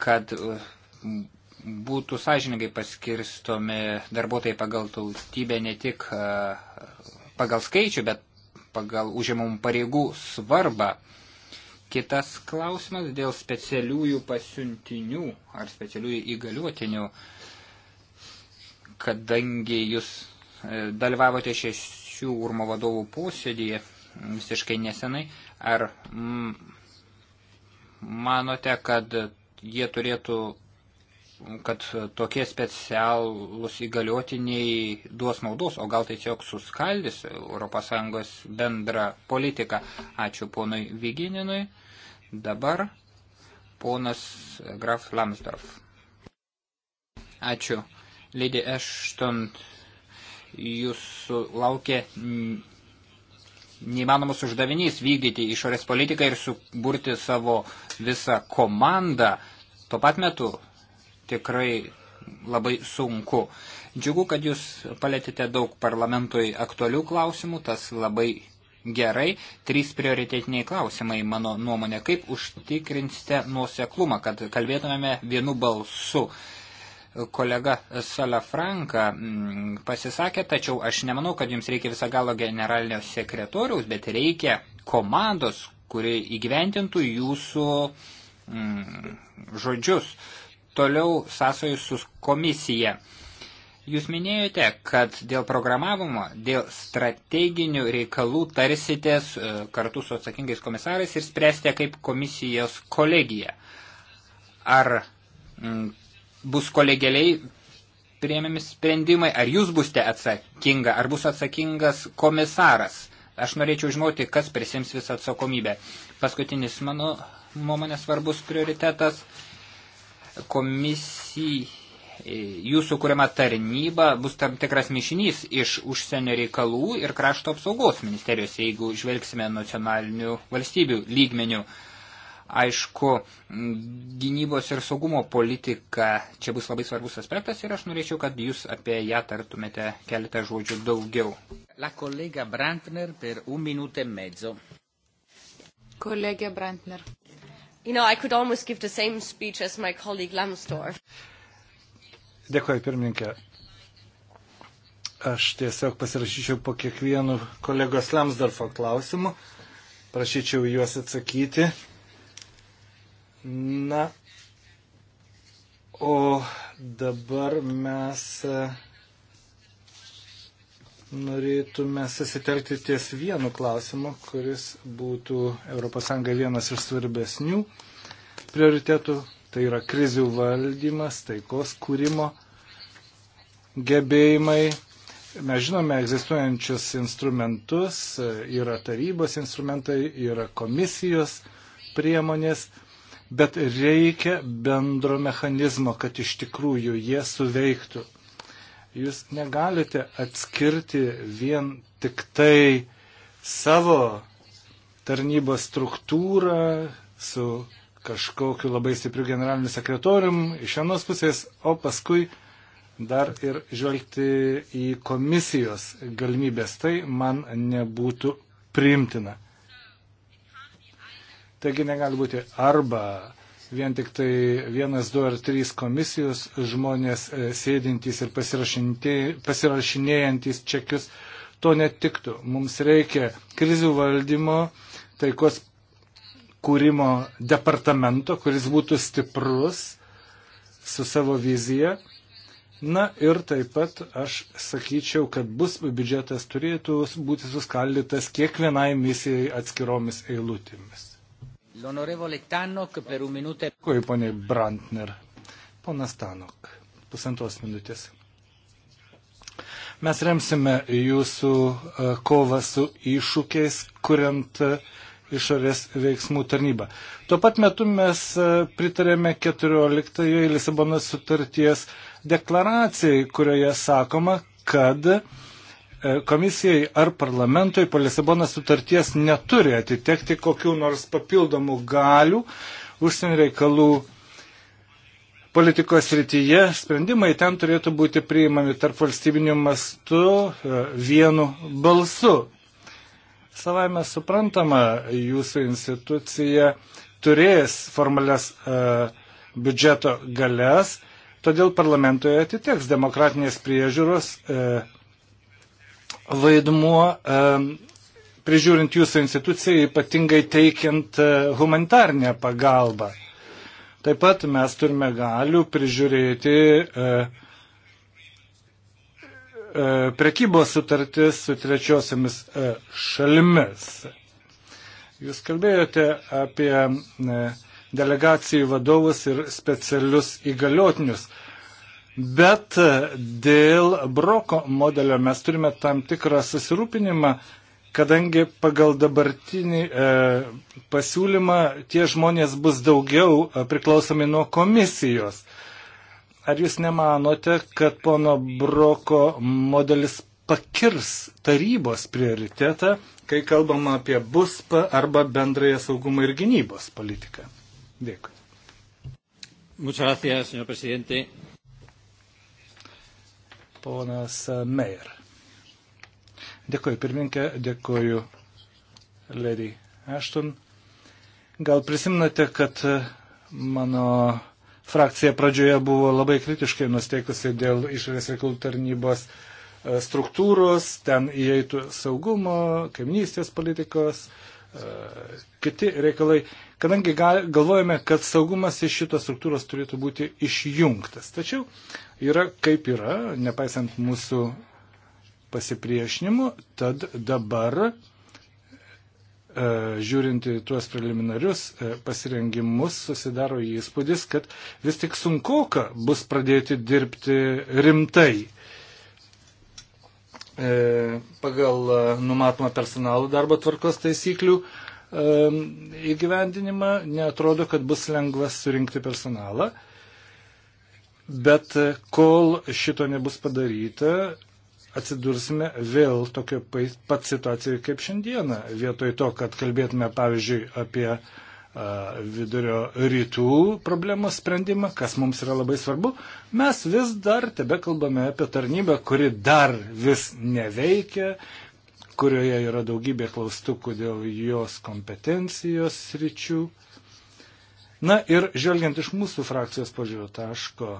Speaker 4: kad uh, būtų sąžininkai paskirstomi darbuotojai pagal tautybę ne tik uh, pagal skaičių, bet pagal užimamų pareigų svarbą. Kitas klausimas dėl specialiųjų pasiuntinių ar specialiųjų įgaliuotinių. Uh, kadangi jūs e, dalyvavote šešių urmo vadovų posėdėje visiškai nesenai, ar manote, kad jie turėtų, kad tokie specialūs įgaliotiniai duos naudos, o gal tai tiesiog suskaldys ES bendrą politiką? Ačiū ponui Vigininui. Dabar ponas Graf Lamsdorf. Ačiū. Lady Ashton, jūsų laukia neįmanomas uždavinys vykdyti išorės politiką ir suburti savo visą komandą. Tuo pat metu tikrai labai sunku. Džiugu, kad jūs palėtėte daug parlamentui aktualių klausimų, tas labai gerai. Trys prioritetiniai klausimai, mano nuomonė, kaip užtikrinsite nuoseklumą, kad kalbėtumėme vienu balsu kolega Salafranka mm, pasisakė, tačiau aš nemanau, kad jums reikia visą galo generalinio sekretoriaus, bet reikia komandos, kuri įgyventintų jūsų mm, žodžius. Toliau sąsojų su komisija. Jūs minėjote, kad dėl programavimo, dėl strateginių reikalų tarsitės e, kartu su atsakingais komisarais ir spręsite kaip komisijos kolegija. Ar mm, bus kolegialiai priėmėmi sprendimai, ar jūs būsite atsakinga, ar bus atsakingas komisaras. Aš norėčiau žinoti, kas prisims visą atsakomybę. Paskutinis mano nuomonės svarbus prioritetas. Komisija, jūsų kuriama tarnyba bus tam tikras mišinys iš užsienio reikalų ir krašto apsaugos ministerijos, jeigu žvelgsime nacionalinių valstybių lygmenių. Uh, Aišku, gynybos ir saugumo politika čia bus labai svarbus aspektas ir aš norėčiau, kad jūs apie ją tartumėte
Speaker 1: keletą žodžių daugiau. La kolega Brantner per un minutę e mezzo.
Speaker 3: Kolegė Brantner. You know, I could almost give the same speech as my colleague Lambsdorff.
Speaker 2: Dėkuoju, pirmininkė. Aš tiesiog pasirašyčiau po kiekvienu kolegos Lamsdorfo klausimu. Prašyčiau juos atsakyti. Na, o dabar mes e, norėtume susitelkti ties vienu klausimu, kuris būtų ES vienas iš svarbesnių prioritetų, tai yra krizių valdymas, taikos kūrimo gebėjimai. Mes žinome egzistuojančius instrumentus, e, yra tarybos instrumentai, yra komisijos priemonės bet reikia bendro mechanizmo, kad iš tikrųjų jie suveiktų. Jūs negalite atskirti vien tik tai savo tarnybos struktūrą su kažkokiu labai stipriu generaliniu sekretorium iš vienos pusės, o paskui dar ir žvelgti į komisijos galimybės. Tai man nebūtų primtina. Taigi negali būti arba vien tik tai vienas, du ar trys komisijos žmonės e, sėdintys ir pasirašinėjantys čekius. To netiktų. Mums reikia krizių valdymo, taikos kūrimo departamento, kuris būtų stiprus su savo vizija. Na ir taip pat aš sakyčiau, kad bus biudžetas turėtų būti suskaldytas kiekvienai misijai atskiromis eilutėmis.
Speaker 1: L'onorevole Tanok per un minutę.
Speaker 2: Dėkuoju, ponė Brantner. Ponas Tanok, pusantros minutės. Mes remsime jūsų e, kovą su iššūkiais, kuriant e, išorės veiksmų tarnybą. Tuo pat metu mes e, pritarėme 14 Lisabonos sutarties deklaracijai, kurioje sakoma, kad uh, E, komisijai ar parlamentui po Lisabonos sutarties neturi atitekti kokių nors papildomų galių užsienio reikalų politikos rytyje. Sprendimai ten turėtų būti priimami tarp valstybinių mastų e, vienu balsu. Savame suprantama, jūsų institucija turės formalias uh, biudžeto galias, todėl parlamentoje atiteks demokratinės priežiūros uh, vaidmuo prižiūrint jūsų instituciją, ypatingai teikiant e, humanitarnę pagalbą. Taip pat mes turime galių prižiūrėti e, e, prekybos sutartis su trečiosiamis šalimis. Jūs kalbėjote apie delegacijų vadovus ir specialius įgaliotinius. Bet e, dėl broko modelio mes turime tam tikrą susirūpinimą, kadangi pagal dabartinį e, pasiūlymą tie žmonės bus daugiau e, priklausomi nuo komisijos. Ar jūs nemanote, kad pono broko modelis pakirs tarybos prioritetą, kai kalbama apie BUSPA arba bendrąją saugumo ir gynybos politiką? Dėkui.
Speaker 4: Muchas gracias, señor presidente
Speaker 2: ponas Meir. Dėkuoju pirmininkė, dėkuoju Lady Ashton. Gal prisimnate, kad mano frakcija pradžioje buvo labai kritiškai nusteikusi dėl išorės reikalų tarnybos e, struktūros, ten įeitų saugumo, kaimynystės politikos, uh, kiti reikalai, kadangi galvojame, kad saugumas iš šitos struktūros turėtų būti išjungtas. Tačiau yra kaip yra, nepaisant mūsų pasipriešinimu, tad dabar, e, žiūrint į tuos preliminarius e, pasirengimus, susidaro įspūdis, kad vis tik sunkoka bus pradėti dirbti rimtai E, pagal e, numatomą personalų darbo tvarkos taisyklių e, įgyvendinimą, netrodo, kad bus lengva surinkti personalą. Bet kol šito nebus padaryta, atsidursime vėl tokio pat situacijoje kaip šiandieną. Vietoj to, kad kalbėtume, pavyzdžiui, apie uh, vidurio rytų problemos sprendimą, kas mums yra labai svarbu, mes vis dar tebe kalbame apie tarnybą, kuri dar vis neveikia, kurioje yra daugybė klaustukų dėl jos kompetencijos sričių. Na ir žvelgiant iš mūsų frakcijos požiūrio taško,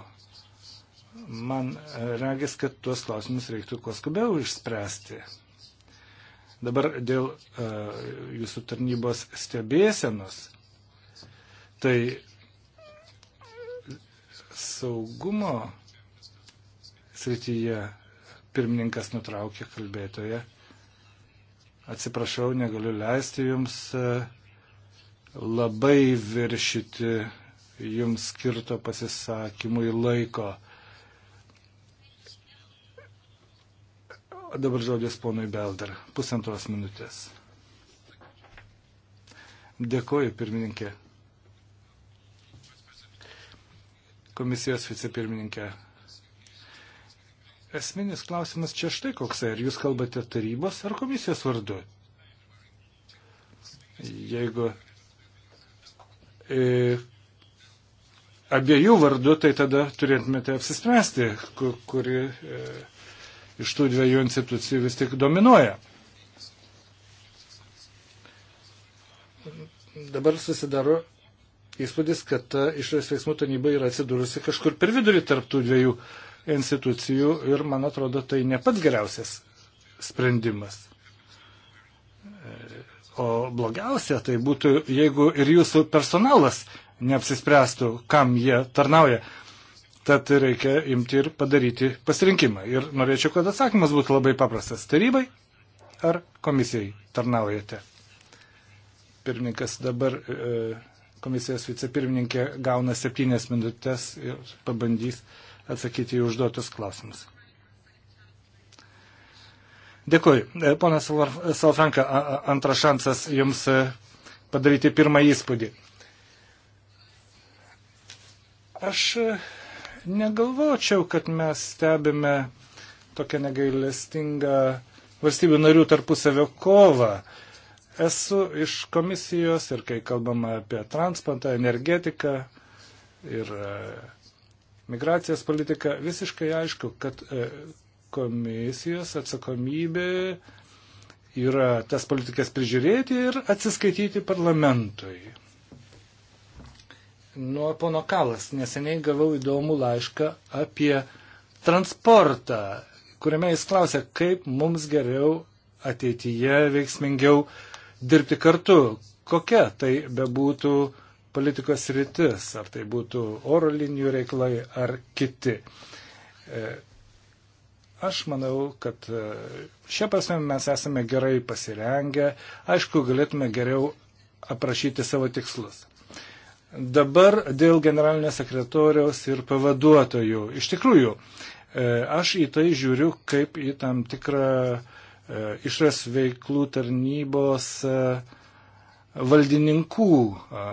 Speaker 2: man regis, kad tuos klausimus reiktų kuo skubiau išspręsti. Dabar dėl uh, jūsų tarnybos stebėsenos tai saugumo srityje pirmininkas nutraukė kalbėtoje. Atsiprašau, negaliu leisti jums e, labai viršyti jums skirto pasisakymui laiko. Dabar žodis ponui Belder. Pusantros minutės. Dėkoju, pirmininkė. komisijos vicepirmininkė. Esminis klausimas čia štai koksai. Ar jūs kalbate tarybos ar komisijos vardu? Jeigu e, abiejų vardu, tai tada turėtumėte apsispręsti, kuri e, iš tų dviejų institucijų vis tik dominuoja. Dabar susidaro įspūdis, kad ta išorės veiksmų tarnyba yra atsidūrusi kažkur per vidurį tarptų dviejų institucijų ir, man atrodo, tai ne pats geriausias sprendimas. O blogiausia tai būtų, jeigu ir jūsų personalas neapsispręstų, kam jie tarnauja. Tad reikia imti ir padaryti pasirinkimą. Ir norėčiau, kad atsakymas būtų labai paprastas. Tarybai ar komisijai tarnaujate? Pirmininkas dabar e, komisijos vicepirmininkė gauna septynės minutės ir pabandys atsakyti į užduotus klausimus. Dėkui. E, Ponas Salfranka, antras šansas jums e, padaryti pirmą įspūdį. Aš e, negalvočiau, kad mes stebime tokią negailestingą valstybių narių tarpusavio kovą. Uh, Esu iš komisijos ir kai kalbama apie transportą, energetiką ir e, migracijos politiką, visiškai aišku, kad e, komisijos atsakomybė yra tas politikas prižiūrėti ir atsiskaityti parlamentui. Nuo pono Kalas neseniai gavau įdomų laišką apie transportą, kuriame jis klausė, kaip mums geriau ateityje veiksmingiau uh, dirbti kartu, kokia tai bebūtų politikos rytis, ar tai būtų oro linijų reiklai ar kiti. E, aš manau, kad e, šia prasme mes esame gerai pasirengę, aišku, galėtume geriau aprašyti savo tikslus. Dabar dėl generalinio sekretoriaus ir pavaduotojų. Iš tikrųjų, e, aš į tai žiūriu kaip į tam tikrą uh, E, išras veiklų tarnybos e, valdininkų e,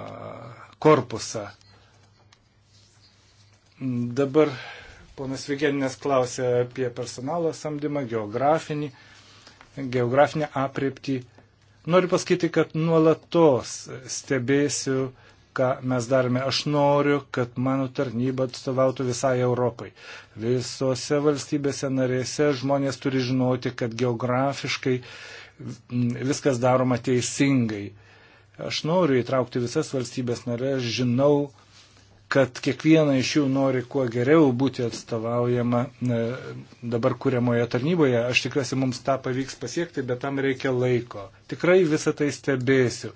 Speaker 2: korpusą. Dabar ponas Vigeninas klausė apie personalo samdymą, geografinį, geografinę apriepti. Noriu pasakyti, kad nuolatos stebėsiu uh, ką mes darome. Aš noriu, kad mano tarnyba atstovautų visai Europai. Visose valstybėse narėse žmonės turi žinoti, kad geografiškai viskas daroma teisingai. Aš noriu įtraukti visas valstybės narės, žinau, kad kiekviena iš jų nori kuo geriau būti atstovaujama e, dabar kuriamoje tarnyboje. Aš tikiuosi, mums tą pavyks pasiekti, bet tam reikia laiko. Tikrai visą tai stebėsiu.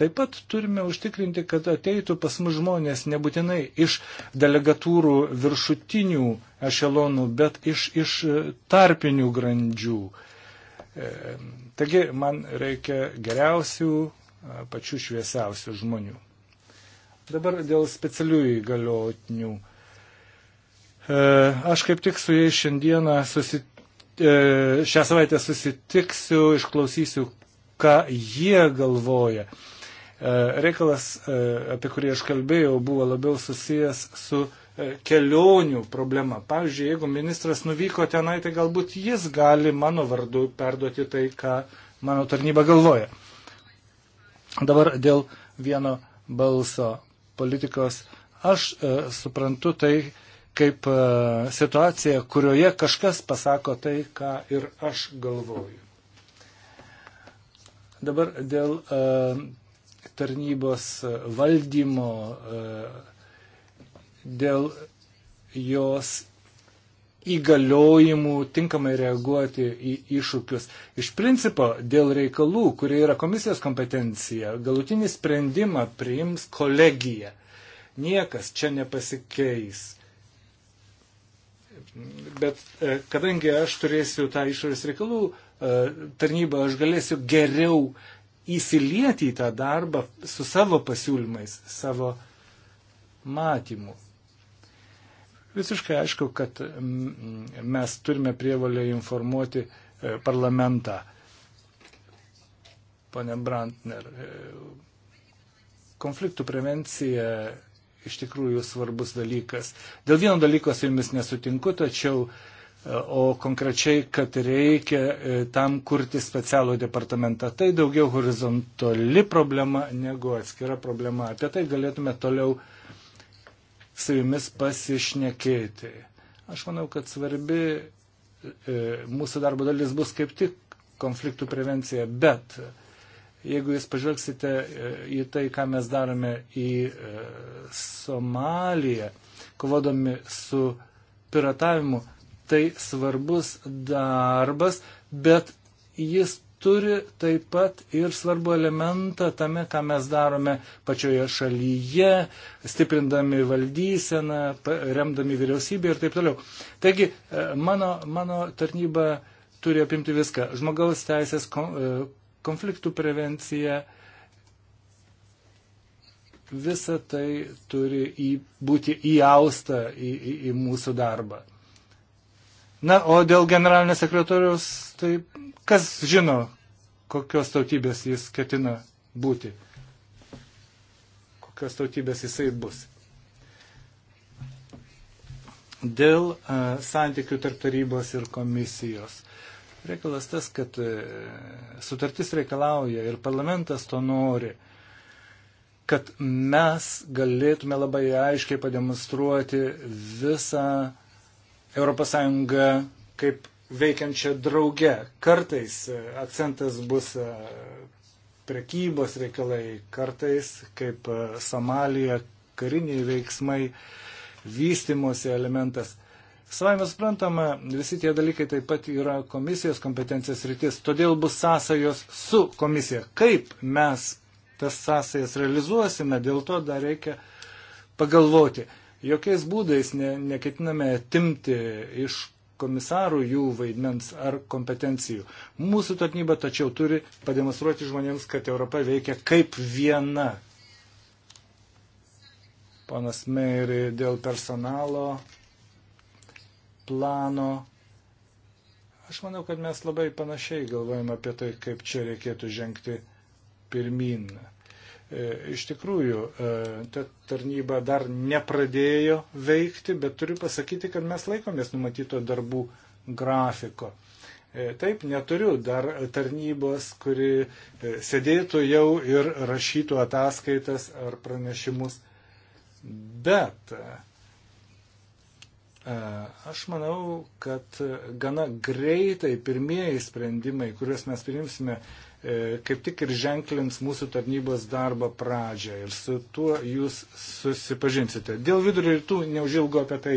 Speaker 2: Taip pat turime užtikrinti, kad ateitų pas mus žmonės nebūtinai iš delegatūrų viršutinių ešelonų, bet iš, iš e, tarpinių grandžių. E, taigi man reikia geriausių, pačių šviesiausių žmonių. Dabar dėl specialių įgaliotinių. E, aš kaip tik su jais šiandieną susit... E, šią savaitę susitiksiu, išklausysiu, ką jie galvoja. E, reikalas, apie kurį aš kalbėjau, buvo labiau susijęs su kelionių problema. Pavyzdžiui, jeigu ministras nuvyko tenai, tai galbūt jis gali mano vardu perduoti tai, ką mano tarnyba galvoja. Dabar dėl vieno balso politikos, aš e, suprantu tai kaip e, situaciją, kurioje kažkas pasako tai, ką ir aš galvoju. Dabar dėl e, tarnybos valdymo, e, dėl jos įgaliojimų tinkamai reaguoti į iššūkius. Iš principo, dėl reikalų, kurie yra komisijos kompetencija, galutinį sprendimą priims kolegija. Niekas čia nepasikeis. Bet e, kadangi aš turėsiu tą išorės reikalų e, tarnybą, aš galėsiu geriau įsilieti į tą darbą su savo pasiūlymais, savo matymu. Visiškai aišku, kad mm, mes turime prievalę informuoti e, parlamentą. Pane Brantner, e, konfliktų prevencija iš tikrųjų svarbus dalykas. Dėl vieno dalyko su jumis nesutinku, tačiau, e, o konkrečiai, kad reikia tam kurti specialų departamentą. Tai daugiau horizontali problema negu atskira problema. Apie tai galėtume toliau uh, su jumis pasišnekėti. Aš manau, kad svarbi e, mūsų darbo dalis bus kaip tik konfliktų prevencija, bet jeigu jūs pažvelgsite e, į tai, ką mes darome į e, Somaliją, kovodami su piratavimu, tai svarbus darbas, bet jis turi taip pat ir svarbu elementą tame, ką mes darome pačioje šalyje, stiprindami valdyseną, remdami vyriausybę ir taip toliau. Taigi, e, mano, mano tarnyba turi apimti viską. Žmogaus teisės, e, konfliktų prevencija, visa tai turi į, būti įausta į, į, į mūsų darbą. Na, o dėl generalinio sekretoriaus, tai kas žino, kokios tautybės jis ketina būti, kokios tautybės jisai bus. Dėl a, e, santykių tarp tarybos ir komisijos. Reikalas tas, kad a, e, sutartis reikalauja ir parlamentas to nori kad mes galėtume labai aiškiai pademonstruoti visą ES kaip veikiančią draugę. Kartais e, akcentas bus e, prekybos reikalai, kartais kaip e, Somalija kariniai veiksmai, vystimosi elementas. Savaime suprantama, visi tie dalykai taip pat yra komisijos kompetencijos rytis, todėl bus sąsajos su komisija. Kaip mes tas sąsajas realizuosime, dėl to dar reikia pagalvoti. Jokiais būdais ne, neketiname timti iš komisarų jų vaidmens ar kompetencijų. Mūsų tarnyba tačiau turi pademonstruoti žmonėms, kad Europa veikia kaip viena. Panas Meiri dėl personalo plano. Aš manau, kad mes labai panašiai galvojame apie tai, kaip čia reikėtų žengti pirmin. E, iš tikrųjų, e, ta tarnyba dar nepradėjo veikti, bet turiu pasakyti, kad mes laikomės numatyto darbų grafiko. E, taip, neturiu dar tarnybos, kuri sėdėtų jau ir rašytų ataskaitas ar pranešimus. Bet Aš manau, kad gana greitai pirmieji sprendimai, kuriuos mes priimsime E, kaip tik ir ženklins mūsų tarnybos darbo pradžią ir su tuo jūs susipažinsite. Dėl vidurio rytų neužilgo apie tai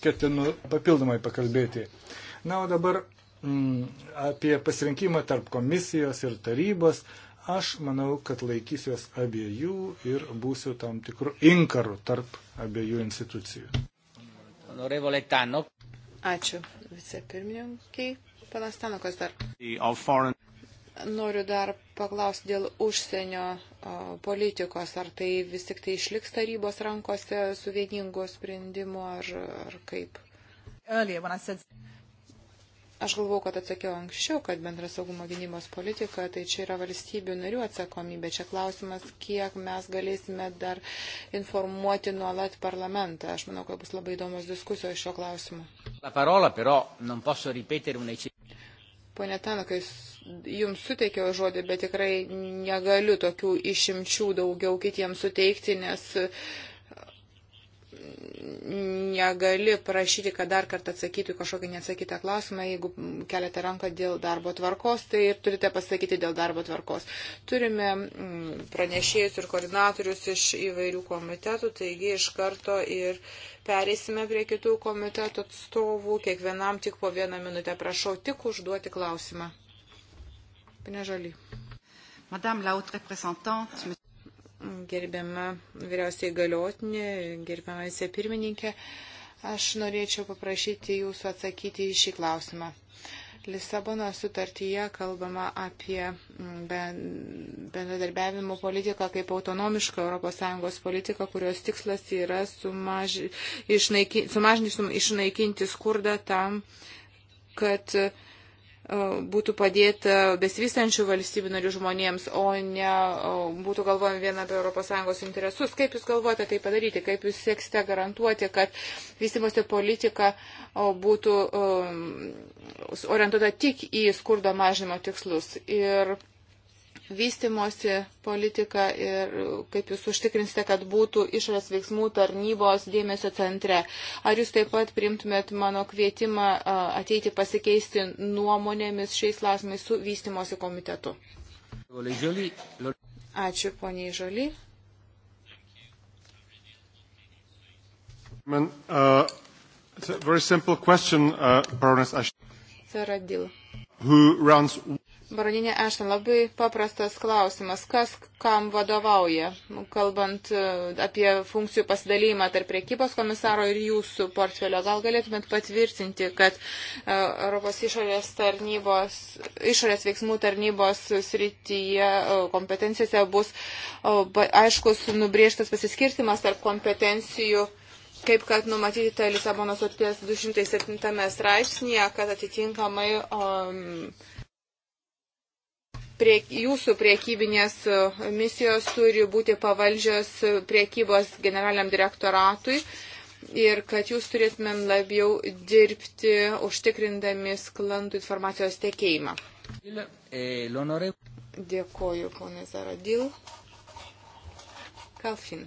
Speaker 2: ketinu papildomai pakalbėti. Na, o dabar m, mm, apie pasirinkimą tarp komisijos ir tarybos. Aš manau, kad laikysiuos abiejų ir būsiu tam tikrų inkarų tarp abiejų institucijų.
Speaker 1: Ačiū vicepirmininkiai.
Speaker 3: Panas Tanukas dar.
Speaker 1: Uh,
Speaker 3: Noriu dar paklausti dėl užsienio politikos, ar tai vis tik tai išliks tarybos rankose su vieningo sprendimu ar, ar kaip? Aš galvau, kad atsakiau anksčiau, kad bendra saugumo gynybos politika, tai čia yra valstybių narių atsakomybė. Čia klausimas, kiek mes galėsime dar informuoti nuolat parlamentą. Aš manau, kad bus labai įdomios diskusijos šio klausimu. Parola, però, Pone Tanakai, jums suteikiau žodį, bet tikrai negaliu tokių išimčių daugiau kitiems suteikti, nes uh, negali prašyti, kad dar kartą atsakytų kažkokį neatsakytą klausimą, jeigu keliate ranką dėl darbo tvarkos, tai ir turite pasakyti dėl darbo tvarkos. Turime mm, pranešėjus ir koordinatorius iš įvairių komitetų, taigi iš karto ir perėsime prie kitų komitetų atstovų, kiekvienam tik po vieną minutę. Prašau tik užduoti klausimą. Pane Žaly. Madame la haute représentante, gerbiama vyriausiai galiotinė, gerbiama vicepirmininkė. Aš norėčiau paprašyti jūsų atsakyti į šį klausimą. Lisabono sutartyje kalbama apie bendradarbiavimo politiką kaip autonomišką ES politiką, kurios tikslas yra sumaži, išnaikinti, sumažinti, išnaikinti skurdą tam, kad uh, E, būtų padėta besivystančių valstybių narių žmonėms, o ne e, būtų galvojama vien apie ES interesus. Kaip Jūs galvojate tai padaryti? Kaip Jūs sieksite garantuoti, kad vystimosi politika e, būtų orientuota tik į skurdo mažinimo tikslus? Ir vystimosi politiką ir kaip jūs užtikrinsite, kad būtų išras veiksmų tarnybos dėmesio centre. Ar jūs taip pat primtumėt mano kvietimą ateiti pasikeisti nuomonėmis šiais klausimais su vystimosi komitetu? Ačiū, poniai Žoly.
Speaker 2: Man, uh, it's a very simple question, uh, Baroness Ashton. Who runs
Speaker 3: Baroninė Ešten, labai paprastas klausimas. Kas kam vadovauja, kalbant e, apie funkcijų pasidalymą tarp priekybos komisaro ir jūsų portfelio? Gal galėtumėt patvirtinti, kad e, Europos išorės, tarnybos, išorės veiksmų tarnybos srityje e, kompetencijose bus aiškus nubriežtas pasiskirtimas tarp kompetencijų kaip kad numatyta Lisabono sutarties 207 straipsnėje, kad atitinkamai um, prie, jūsų priekybinės e, misijos turi būti pavaldžios e, priekybos generaliniam direktoratui ir kad jūs turėtumėm labiau dirbti užtikrindami sklandų informacijos tekėjimą. Eh, Dėkoju, ponė Zaradil. Kalfin.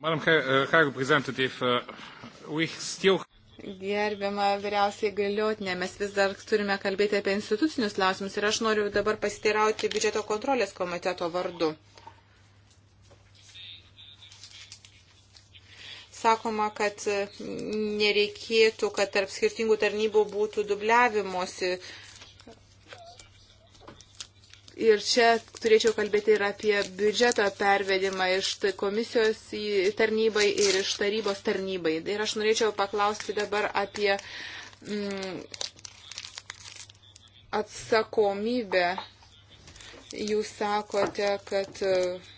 Speaker 4: Madam High eh, Representative, uh, we still
Speaker 3: Gerbiama vyriausiai galiotinė, mes vis dar turime kalbėti apie institucinius klausimus ir aš noriu dabar pasiteirauti biudžeto kontrolės komiteto vardu. Sakoma, kad nereikėtų, kad tarp skirtingų tarnybų būtų dubliavimosi uh, Ir čia turėčiau kalbėti ir apie biudžeto pervedimą iš komisijos tarnybai ir iš tarybos tarnybai. Ir aš norėčiau paklausti dabar apie mm, atsakomybę. Jūs sakote, kad. Uh,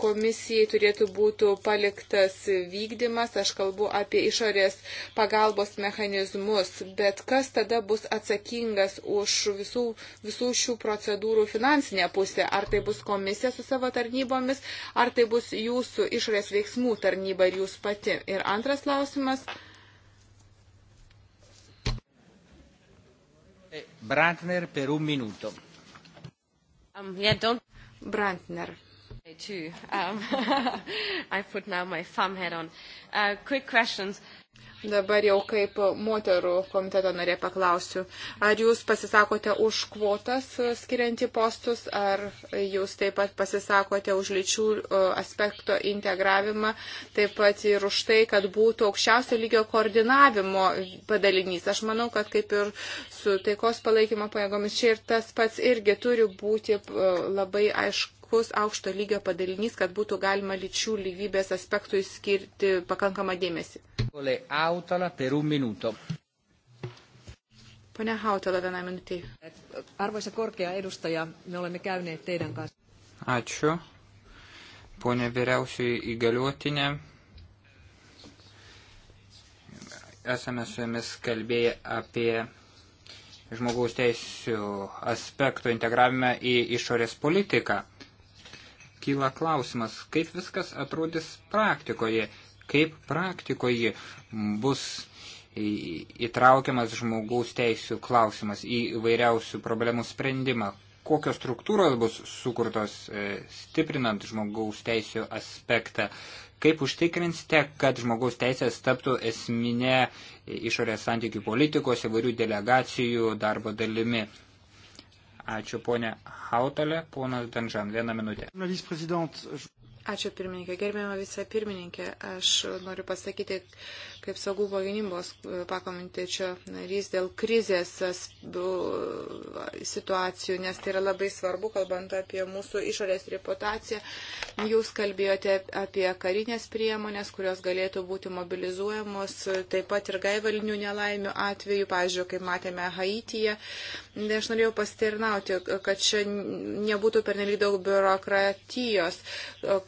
Speaker 3: komisijai turėtų būti paliktas vykdymas, aš kalbu apie išorės pagalbos mechanizmus, bet kas tada bus atsakingas už visų, visų šių procedūrų finansinę pusę, ar tai bus komisija su savo tarnybomis, ar tai bus jūsų išorės veiksmų tarnyba ir jūs pati. Ir antras klausimas.
Speaker 1: Brantner per un minuto. Um, yeah,
Speaker 3: Brantner.
Speaker 1: Too. Um, I put now my farm head on. Uh, quick questions.
Speaker 3: Dabar jau kaip moterų komiteto narė paklausiu, ar jūs pasisakote už kvotas uh, skirianti postus, ar jūs taip pat pasisakote už lyčių uh, aspekto integravimą, taip pat ir už tai, kad būtų aukščiausio lygio koordinavimo padalinys. Aš manau, kad kaip ir su taikos palaikymo pajėgomis čia ir tas pats irgi turi būti uh, labai aišku aiškus aukšto lygio padalinys, kad būtų galima lyčių lygybės aspektui skirti pakankamą dėmesį. Pone Hautala, vieną minutį. Arvoisa korkea edustaja, me olemme käyneet teidän kanssa.
Speaker 4: Ačiū. Pone vyriausiai įgaliuotinė, esame su jumis kalbėję apie žmogaus teisų aspekto integravimą į išorės politiką kyla klausimas, kaip viskas atrodys praktikoje, kaip praktikoje bus įtraukiamas žmogaus teisų klausimas į vairiausių problemų sprendimą, kokios struktūros bus sukurtos e, stiprinant žmogaus teisų aspektą, kaip užtikrinsite, kad žmogaus teisės taptų esminė išorės santykių politikos įvairių delegacijų darbo dalimi. Ačiū ponė Hautolė, ponas Danžan, vieną minutę.
Speaker 3: Ačiū pirmininkė, gerbiamą visą pirmininkę. Aš noriu pasakyti, kaip saugumo gynybos e, pakomitečio narys dėl krizės situacijų, nes tai yra labai svarbu, kalbant apie mūsų išorės reputaciją. Jūs kalbėjote apie karinės priemonės, kurios galėtų būti mobilizuojamos, taip pat ir gaivalinių nelaimių atveju, pavyzdžiui, kaip matėme Haityje. Aš norėjau pastirnauti, kad čia nebūtų pernelyg daug biurokratijos,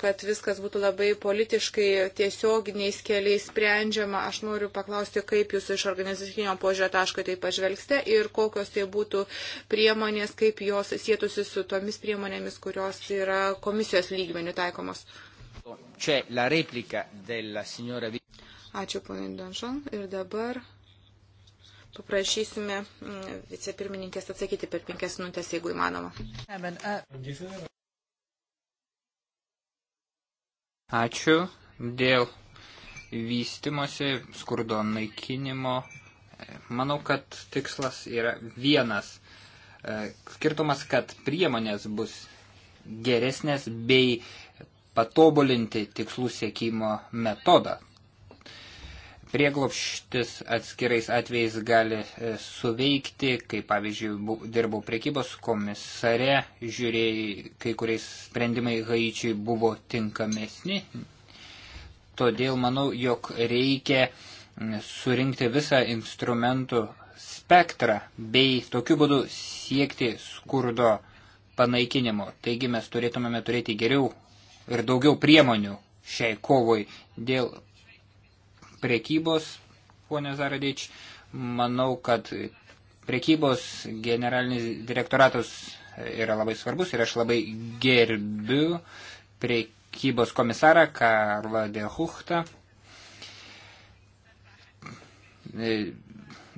Speaker 3: kad viskas būtų labai politiškai tiesioginiais keliais sprendžiama Aš noriu paklausti, kaip jūs iš organizacinio požiūrio taško tai pažvelgsite ir kokios tai būtų priemonės, kaip jos sėtusi su tomis priemonėmis, kurios yra komisijos lygmenių taikomos.
Speaker 1: Čia la replika della signora
Speaker 3: Ačiū, ponai Donžon. Ir dabar paprašysime mm, vicepirmininkės atsakyti per penkias minutės, jeigu įmanoma.
Speaker 4: Ačiū dėl vystimosi, skurdo naikinimo. Manau, kad tikslas yra vienas. E, skirtumas, kad priemonės bus geresnės bei patobulinti tikslų siekimo metodą. Prieglopštis atskirais atvejais gali e, suveikti, kaip pavyzdžiui, dirbau priekybos komisare, žiūrėjai, kai kuriais sprendimai Haičiai buvo tinkamesni todėl manau, jog reikia mm, surinkti visą instrumentų spektrą bei tokiu būdu siekti skurdo panaikinimo. Taigi mes turėtumėme turėti geriau ir daugiau priemonių šiai kovoj dėl prekybos, ponė Zaradič. Manau, kad prekybos generalinis direktoratas yra labai svarbus ir aš labai gerbiu prekybos prekybos komisarą Karlą Dehuchtą. E,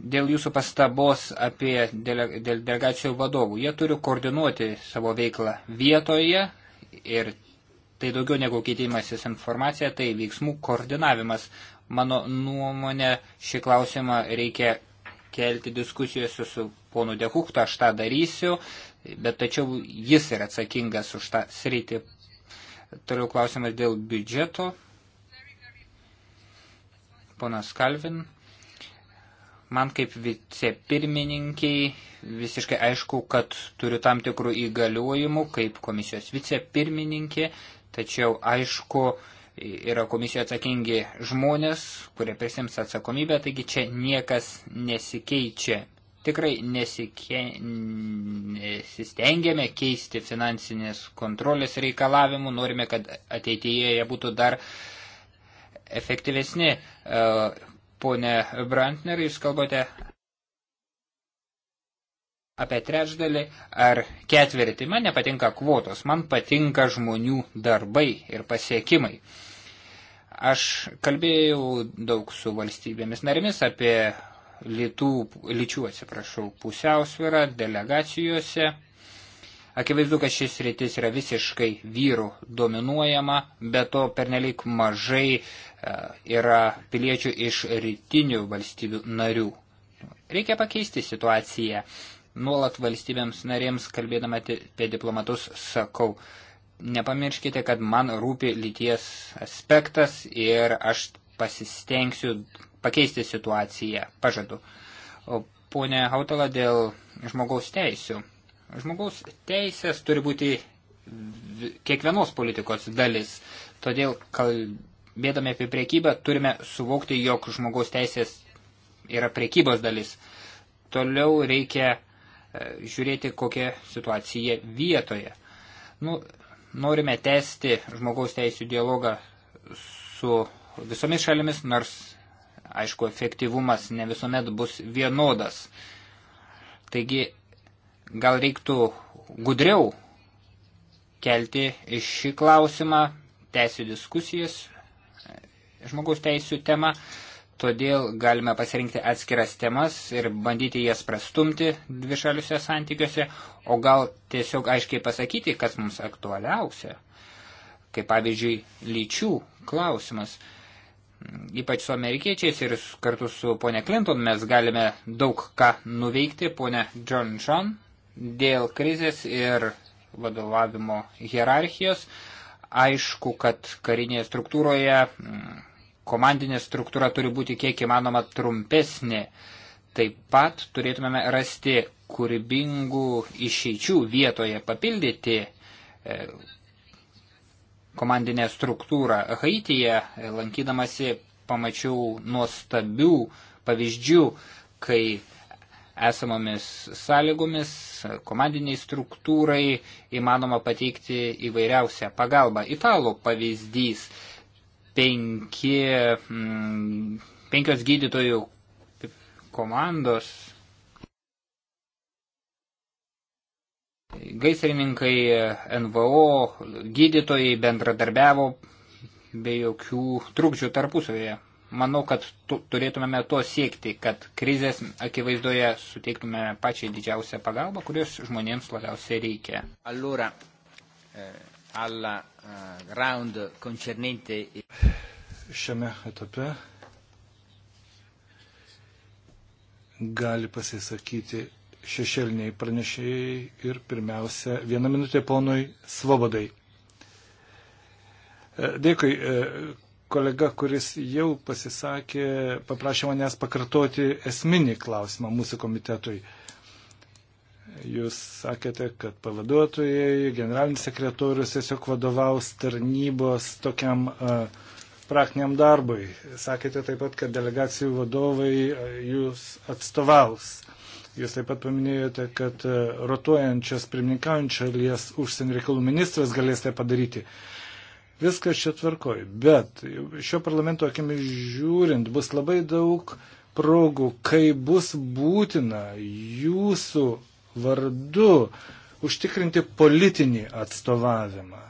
Speaker 4: dėl jūsų pastabos apie dele, dėl delegacijų vadovų. Jie turi koordinuoti savo veiklą vietoje ir tai daugiau negu keitimasis informacija, tai veiksmų koordinavimas. Mano nuomonė, šį klausimą reikia kelti diskusijose su ponu Dekuktu, aš tą darysiu, bet tačiau jis yra atsakingas už tą sritį Toliau klausimas dėl biudžeto. Ponas Kalvin, man kaip vicepirmininkiai visiškai aišku, kad turiu tam tikrų įgaliojimų kaip komisijos vicepirmininkė, tačiau aišku, yra komisijoje atsakingi žmonės, kurie prisims atsakomybę, taigi čia niekas nesikeičia. Tikrai nesikė... nesistengėme keisti finansinės kontrolės reikalavimų, norime, kad ateityje jie būtų dar efektyvesni. E, pone Brantner, jūs kalbate apie trečdalį ar ketvirtį. Man nepatinka kvotos, man patinka žmonių darbai ir pasiekimai. Aš kalbėjau daug su valstybėmis narimis apie lytų, lyčių atsiprašau, pusiausvyrą delegacijose. Akivaizdu, kad šis rytis yra visiškai vyrų dominuojama, bet to pernelik mažai e, yra piliečių iš rytinių valstybių narių. Reikia pakeisti situaciją. Nuolat valstybėms narėms, kalbėdama apie diplomatus, sakau, nepamirškite, kad man rūpi lyties aspektas ir aš pasistengsiu pakeisti situaciją, pažadu. Pone Hautala, dėl žmogaus teisių. Žmogaus teisės turi būti kiekvienos politikos dalis, todėl kalbėdami apie priekybą turime suvokti, jog žmogaus teisės yra priekybos dalis. Toliau reikia e, žiūrėti, kokia situacija vietoje. Nu, norime tęsti žmogaus teisų dialogą su visomis šalimis, nors Aišku, efektyvumas ne visuomet bus vienodas. Taigi, gal reiktų gudriau kelti šį klausimą, tęsiu diskusijas žmogaus teisų tema, todėl galime pasirinkti atskiras temas ir bandyti jas prastumti dvišaliuose santykiuose, o gal tiesiog aiškiai pasakyti, kas mums aktualiausia, kaip pavyzdžiui lyčių klausimas – ypač su amerikiečiais ir kartu su ponė Clinton mes galime daug ką nuveikti, ponė Johnson, dėl krizės ir vadovavimo hierarchijos. Aišku, kad karinėje struktūroje mm, komandinė struktūra turi būti kiek įmanoma trumpesnė. Taip pat turėtumėme rasti kūrybingų išeičių vietoje papildyti e, komandinę struktūrą Haityje, lankydamasi pamačiau nuostabių pavyzdžių, kai esamomis sąlygomis, komandiniai struktūrai įmanoma pateikti įvairiausią pagalbą. Italų pavyzdys - penki, mm, penkios gydytojų komandos Gaisrininkai, NVO, gydytojai bendradarbiavo be jokių trukdžių tarpusavėje. Manau, kad tu, turėtumėme to siekti, kad krizės akivaizdoje suteiktume pačią didžiausią pagalbą, kurios žmonėms labiausiai reikia.
Speaker 1: Allora, eh, alla, eh, round concernente...
Speaker 2: Šiame etape gali pasisakyti šešėliniai pranešėjai ir pirmiausia vieną minutę ponui Svobodai. E, dėkui, e, kolega, kuris jau pasisakė, paprašė manęs pakartoti esminį klausimą mūsų komitetui. Jūs sakėte, kad pavaduotojai, generalinis sekretorius tiesiog vadovaus tarnybos tokiam e, praktiniam darbui. Sakėte taip pat, kad delegacijų vadovai jūs atstovaus. Jūs taip pat paminėjote, kad e, rotuojančias pirmininkaujančią lies užsienio reikalų ministras galės tai padaryti. Viskas čia tvarkoj, bet šio parlamento akimis žiūrint bus labai daug progų, kai bus būtina jūsų vardu užtikrinti politinį atstovavimą.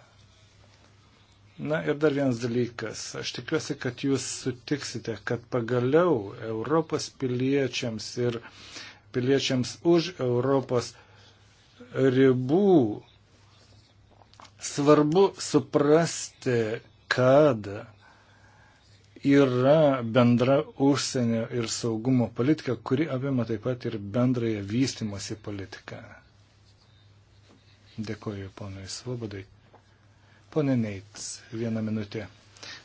Speaker 2: Na ir dar vienas dalykas. Aš tikiuosi, kad jūs sutiksite, kad pagaliau Europos piliečiams ir uh, piliečiams už Europos ribų. Svarbu suprasti, kad yra bendra užsienio ir saugumo politika, kuri apima taip pat ir bendrąją vystimosi politiką. Dėkoju ponui Svobodai. Pone Neits, vieną minutę.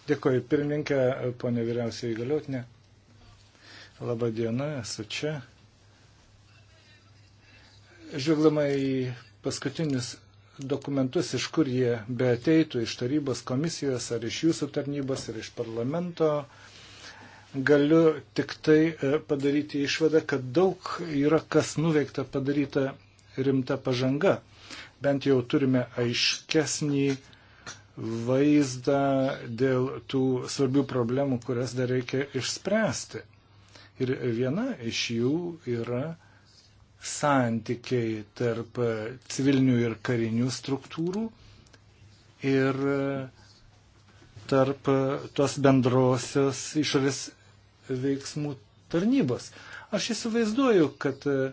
Speaker 2: Dėkoju pirmininkę, ponė vyriausiai įgaliotinė. Labą dieną, esu čia. Žvelgdama į paskutinius dokumentus, iš kur jie beateitų, iš tarybos komisijos ar iš jūsų tarnybos ar iš parlamento, galiu tik tai e, padaryti išvadą, kad daug yra kas nuveikta, padaryta rimta pažanga. Bent jau turime aiškesnį vaizdą dėl tų svarbių problemų, kurias dar reikia išspręsti. Ir viena iš jų yra santykiai tarp civilinių ir karinių struktūrų ir tarp tos bendrosios išorės veiksmų tarnybos. Aš įsivaizduoju, kad e,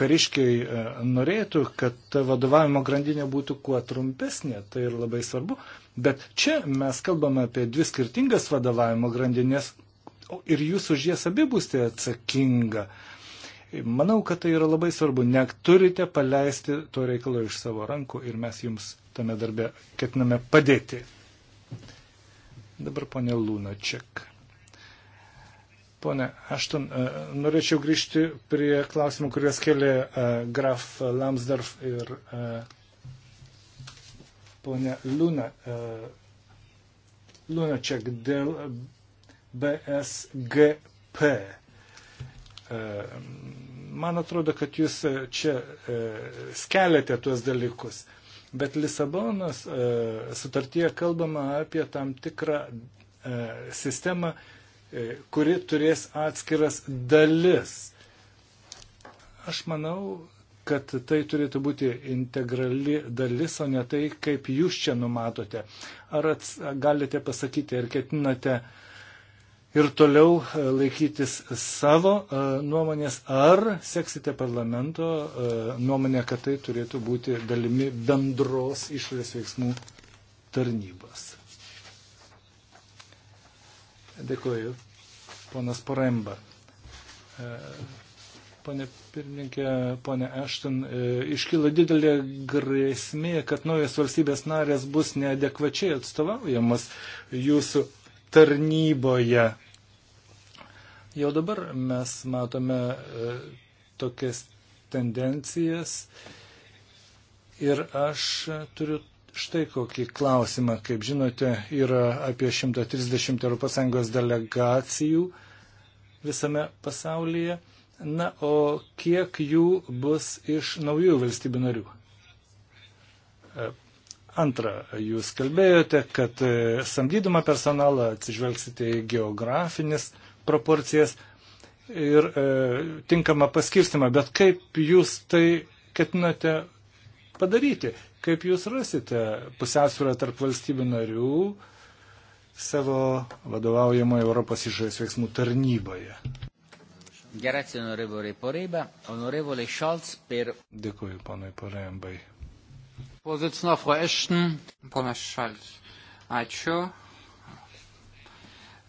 Speaker 2: kariškiai e, norėtų, kad ta vadovavimo grandinė būtų kuo trumpesnė, tai ir labai svarbu, bet čia mes kalbame apie dvi skirtingas vadovavimo grandinės ir jūs už jas abi būsite atsakinga. Uh, Manau, kad tai yra labai svarbu. Neturite paleisti to reikalo iš savo rankų ir mes jums tame darbe ketiname padėti. Dabar ponė Lunačiak. Pone Ašton, e, norėčiau grįžti prie klausimų, kuriuos kelia graf Lamsdorf ir e, ponė Luna. E, Lunačiak dėl BSGP E, man atrodo, kad jūs e, čia e, skeliate tuos dalykus. Bet Lisabonos sutartyje kalbama apie tam tikrą sistemą, kuri turės atskiras dalis. Aš manau, kad tai turėtų būti integrali dalis, o ne tai, kaip jūs čia numatote. Ar ats, galite pasakyti, ar ketinate uh, ir toliau e, laikytis savo e, nuomonės, ar seksite parlamento e, nuomonę, kad tai turėtų būti dalimi bendros išorės veiksmų tarnybos. Dėkuoju, ponas Poremba. Pone pirmininkė, pone Ešton, iškyla didelė grėsmė, kad naujas valstybės narės bus neadekvačiai atstovaujamas jūsų tarnyboje Jau dabar mes matome e, tokias tendencijas ir aš turiu štai kokį klausimą. Kaip žinote, yra apie 130 ES delegacijų visame pasaulyje. Na, o kiek jų bus iš naujų valstybių narių? E, antra, jūs kalbėjote, kad e, samdydama personalą atsižvelgsite į geografinis proporcijas ir e, tinkamą paskirstimą. Bet kaip jūs tai ketinate padaryti? Kaip jūs rasite pusiausvyrą tarp valstybių narių savo vadovaujamoje Europos išorės veiksmų tarnyboje?
Speaker 1: Grazie onorevole Poreba. Onorevole Scholz per... Dėkuoju panui Porembai. Pozicinė, Frau
Speaker 4: Ešten. Ponas Šalts. Ačiū.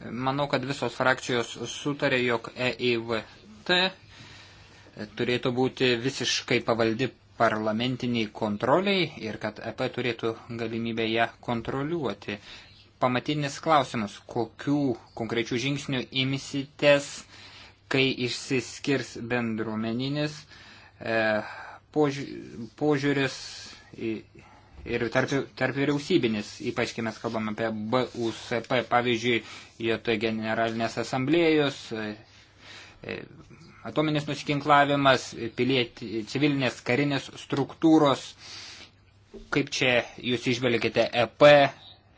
Speaker 4: Manau, kad visos frakcijos sutarė, jog EIVT turėtų būti visiškai pavaldi parlamentiniai kontroliai ir kad EP turėtų galimybę ją kontroliuoti. Pamatinis klausimas, kokių konkrečių žingsnių imsitės, kai išsiskirs bendruomeninis e, požiūris į, ir tarp, tarp vyriausybinis, ypač kai mes kalbam apie BUSP, pavyzdžiui, vietoj generalinės asamblėjos, e, e, atominis nusikinklavimas, pilieti, civilinės karinės struktūros, kaip čia jūs išvelgite EP,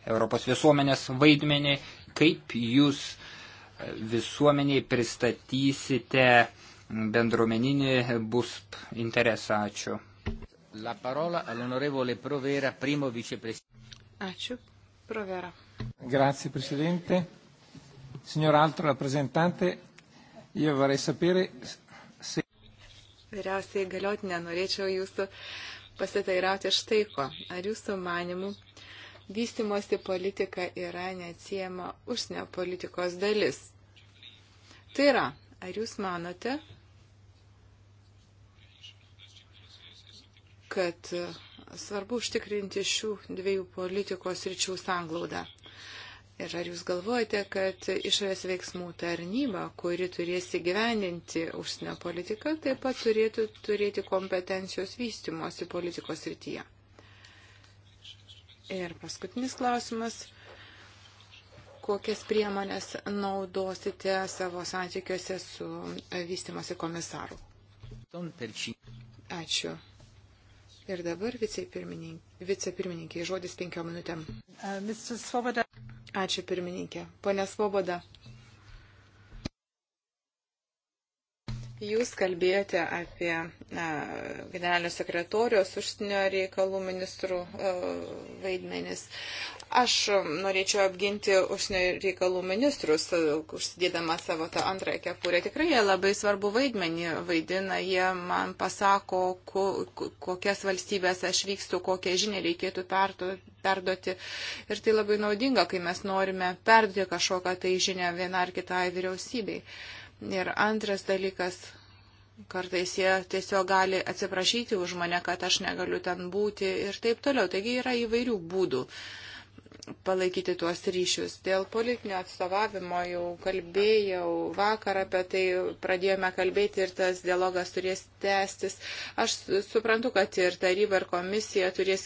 Speaker 4: Europos visuomenės vaidmenį, kaip jūs e, visuomeniai pristatysite bendruomeninį bus interesą. Ačiū.
Speaker 1: La parola all'onorevole Provera, primo vicepresidente.
Speaker 3: Ačiū. Provera.
Speaker 1: Grazie Presidente.
Speaker 2: Signor Alto rappresentante, io vorrei sapere se.
Speaker 3: Vyriausiai galiotinė, norėčiau jūsų pasitairauti štai ko. Ar jūsų manimų vystimosi politika yra neatsiema užsienio politikos dalis? Tai yra, ar jūs manote, kad svarbu užtikrinti šių dviejų politikos ryčių sanglaudą. Ir ar jūs galvojate, kad išorės veiksmų tarnyba, kuri turės įgyveninti užsienio politiką, taip pat turėtų turėti kompetencijos vystimosi politikos rytyje? Ir paskutinis klausimas. Kokias priemonės naudosite savo santykiuose su vystimosi komisaru? Ačiū. Ir dabar vicepirmininkė, vicepirmininkė žodis penkiom minutėm. Uh, Ačiū pirmininkė. Pone Svoboda. Jūs kalbėjote apie generalinio sekretorijos užsienio reikalų ministrų uh, vaidmenis. Aš norėčiau apginti užsienio reikalų ministrus, užsidėdama savo tą antrąją kepurę. Tikrai jie labai svarbu vaidmenį vaidina, jie man pasako, ku, kokias valstybės aš vykstu, kokią žinią reikėtų perduoti. Ir tai labai naudinga, kai mes norime perduoti kažkokią tai žinią vieną ar kitai vyriausybei. Ir antras dalykas, Kartais jie tiesiog gali atsiprašyti už mane, kad aš negaliu ten būti ir taip toliau. Taigi yra įvairių būdų. Uh, palaikyti tuos ryšius. Dėl politinio atstovavimo jau kalbėjau vakar apie tai, pradėjome kalbėti ir tas dialogas turės tęstis. Aš suprantu, kad ir taryba, ir komisija turės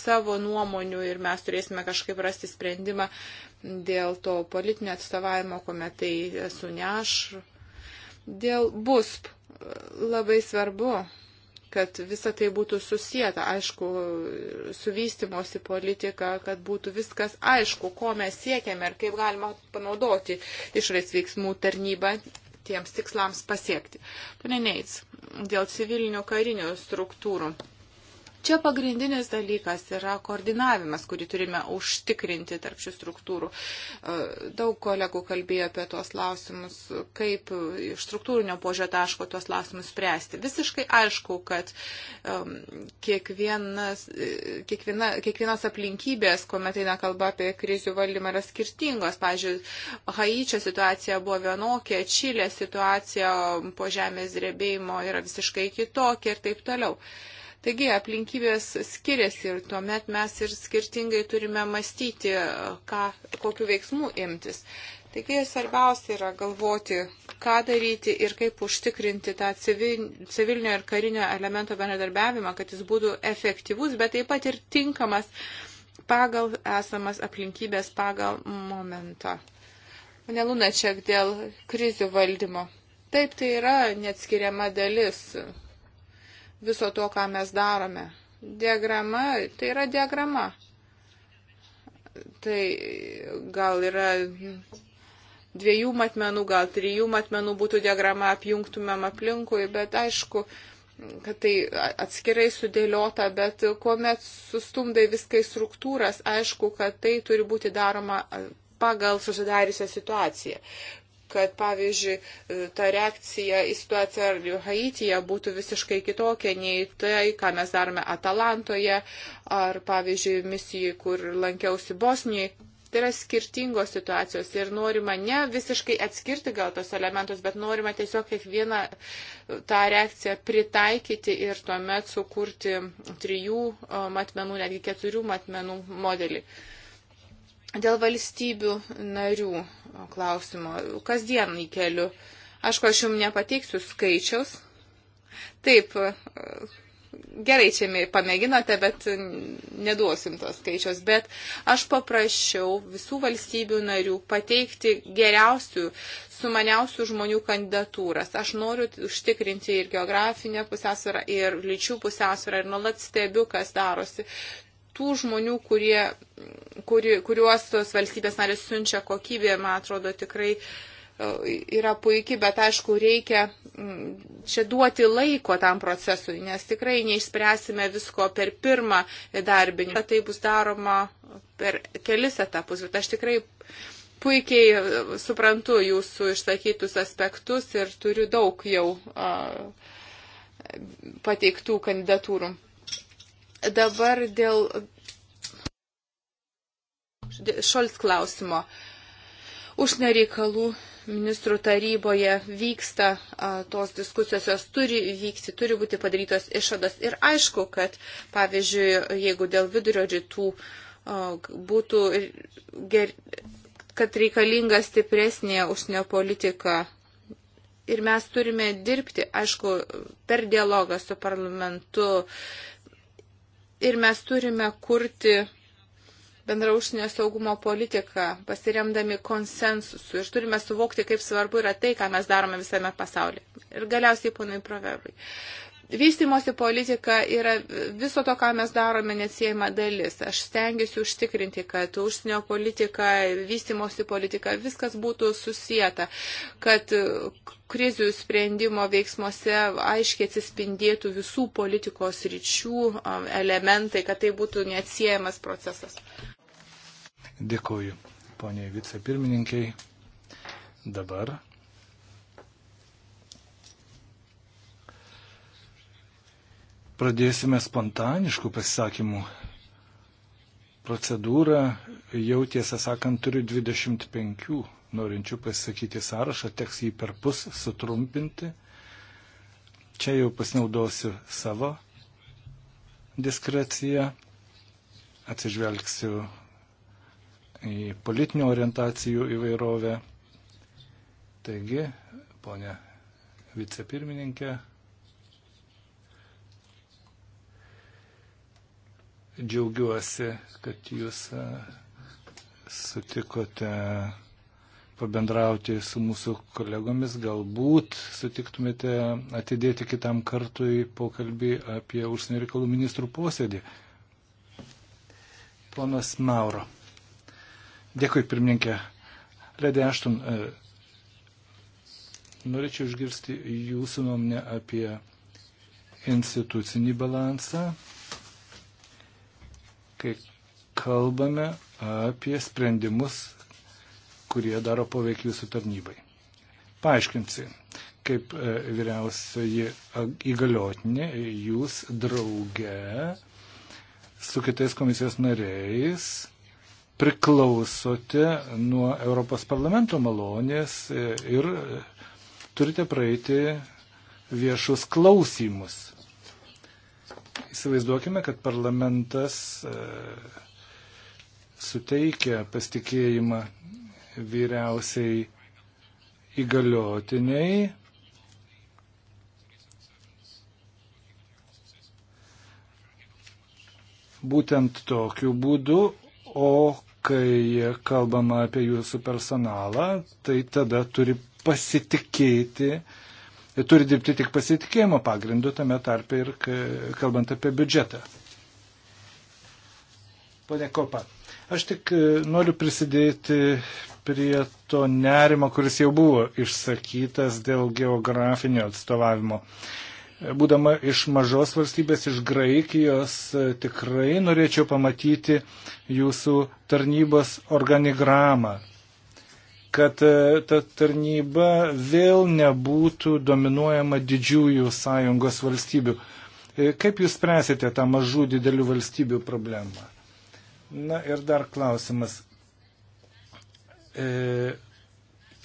Speaker 3: savo nuomonių ir mes turėsime kažkaip rasti sprendimą dėl to politinio atstovavimo, kuomet tai suneš. Dėl BUSP labai svarbu kad visa tai būtų susijęta, aišku, su vystimosi politika, kad būtų viskas aišku, ko mes siekiame ir kaip galima panaudoti išorės veiksmų tarnybą tiems tikslams pasiekti. Pane Neits, dėl civilinių karinių struktūrų. Čia pagrindinis dalykas yra koordinavimas, kurį turime užtikrinti tarp šių struktūrų. E, daug kolegų kalbėjo apie tuos klausimus, kaip iš struktūrinio požio taško tuos klausimus spręsti. Visiškai aišku, kad kiekvienas, e, kiekviena, kiekvienos aplinkybės, kuomet eina kalba apie krizių valdymą, yra skirtingos. Pavyzdžiui, Haičio situacija buvo vienokia, Čilė situacija po žemės drebėjimo yra visiškai kitokia ir taip toliau. Taigi aplinkybės skiriasi ir tuomet mes ir skirtingai turime mąstyti, ką, kokiu veiksmu imtis. Taigi svarbiausia yra galvoti, ką daryti ir kaip užtikrinti tą civilinio ir karinio elemento bendradarbiavimą, kad jis būtų efektyvus, bet taip pat ir tinkamas pagal esamas aplinkybės, pagal momentą. Mane lūna čia dėl krizių valdymo. Taip tai yra neatskiriama dalis viso to, ką mes darome. Diagrama, tai yra diagrama. Tai gal yra dviejų matmenų, gal trijų matmenų būtų diagrama, apjungtumėm aplinkui, bet aišku, kad tai atskirai sudėliota, bet kuomet sustumdai viską į struktūras, aišku, kad tai turi būti daroma pagal susidariusią situaciją kad, pavyzdžiui, ta reakcija į situaciją Haityje būtų visiškai kitokia nei tai, ką mes darome Atalantoje ar, pavyzdžiui, misijai, kur lankiausi Bosnijai. Tai yra skirtingos situacijos ir norima ne visiškai atskirti gal tos elementus, bet norima tiesiog kiekvieną tą reakciją pritaikyti ir tuomet sukurti trijų um, matmenų, netgi keturių matmenų modelį. Uh, Dėl valstybių narių klausimo. Kasdien įkeliu. Aišku, aš jums nepateiksiu skaičiaus. Taip, gerai čia pamėginote, bet neduosim tos skaičiaus. Bet aš paprašiau visų valstybių narių pateikti geriausių, sumaniausių žmonių kandidatūras. Aš noriu užtikrinti ir geografinę pusiausvyrą, ir lyčių pusiausvyrą, ir nuolat stebiu, kas darosi tų žmonių, kurie, kuri, kuriuos tos valstybės narės siunčia kokybė, man atrodo, tikrai e, yra puikiai, bet aišku, reikia mm, čia duoti laiko tam procesui, nes tikrai neišspręsime visko per pirmą darbinį. Tai bus daroma per kelis etapus, bet aš tikrai puikiai e, suprantu jūsų išsakytus aspektus ir turiu daug jau e, pateiktų kandidatūrų. Dabar dėl Šolts klausimo. Užsienio reikalų ministrų taryboje vyksta a, tos diskusijos, jos turi vykti, turi būti padarytos išvados. Ir aišku, kad pavyzdžiui, jeigu dėl vidurio rytų a, būtų, ger, kad reikalinga stipresnė užsienio politika. Ir mes turime dirbti, aišku, per dialogą su parlamentu, Ir mes turime kurti bendra užsienio saugumo politika, pasiremdami konsensusu ir turime suvokti, kaip svarbu yra tai, ką mes darome visame pasaulyje. Ir galiausiai, ponai Proverui, Vystimosi politika yra viso to, ką mes darome, neatsiejama dalis. Aš stengiuosi užtikrinti, kad užsienio politika, vystimosi politika, viskas būtų susijęta, kad krizių sprendimo veiksmuose aiškiai atsispindėtų visų politikos ryčių elementai, kad tai būtų neatsiejamas procesas.
Speaker 2: Dėkuoju, poniai vicepirmininkiai. Dabar pradėsime spontaniškų pasisakymų procedūrą. Jau tiesą sakant, turiu 25 norinčių pasisakyti sąrašą, teks jį per pus sutrumpinti. Čia jau pasinaudosiu savo diskreciją, atsižvelgsiu į politinių orientacijų įvairovę. Taigi, ponia vicepirmininkė, Džiaugiuosi, kad jūs e, sutikote pabendrauti su mūsų kolegomis, galbūt sutiktumėte atidėti kitam kartui pokalbį apie užsienio reikalų ministrų posėdį. Ponas Mauro. Dėkui, pirmininkė. Ledė Aštun, e, norėčiau išgirsti jūsų nuomonę apie institucinį balansą kai kalbame apie sprendimus, kurie daro poveikį jūsų tarnybai. Paaiškinsiu, kaip e, vyriausioji įgaliotinė, jūs drauge su kitais komisijos nariais priklausote nuo Europos parlamento malonės e, ir e, turite praeiti viešus klausimus. Įsivaizduokime, kad parlamentas e, suteikia pasitikėjimą vyriausiai įgaliotiniai. Būtent tokiu būdu, o kai kalbama apie jūsų personalą, tai tada turi pasitikėti uh, Tai turi dirbti tik pasitikėjimo pagrindu, tame tarpe ir kalbant apie biudžetą. Pone Kopa, aš tik e, noriu prisidėti prie to nerimo, kuris jau buvo išsakytas dėl geografinio atstovavimo. Būdama iš mažos valstybės, iš Graikijos, e, tikrai norėčiau pamatyti jūsų tarnybos organigramą, kad e, ta tarnyba vėl nebūtų dominuojama didžiųjų sąjungos valstybių. E, kaip jūs spręsite tą mažų didelių valstybių problemą? Na ir dar klausimas. E,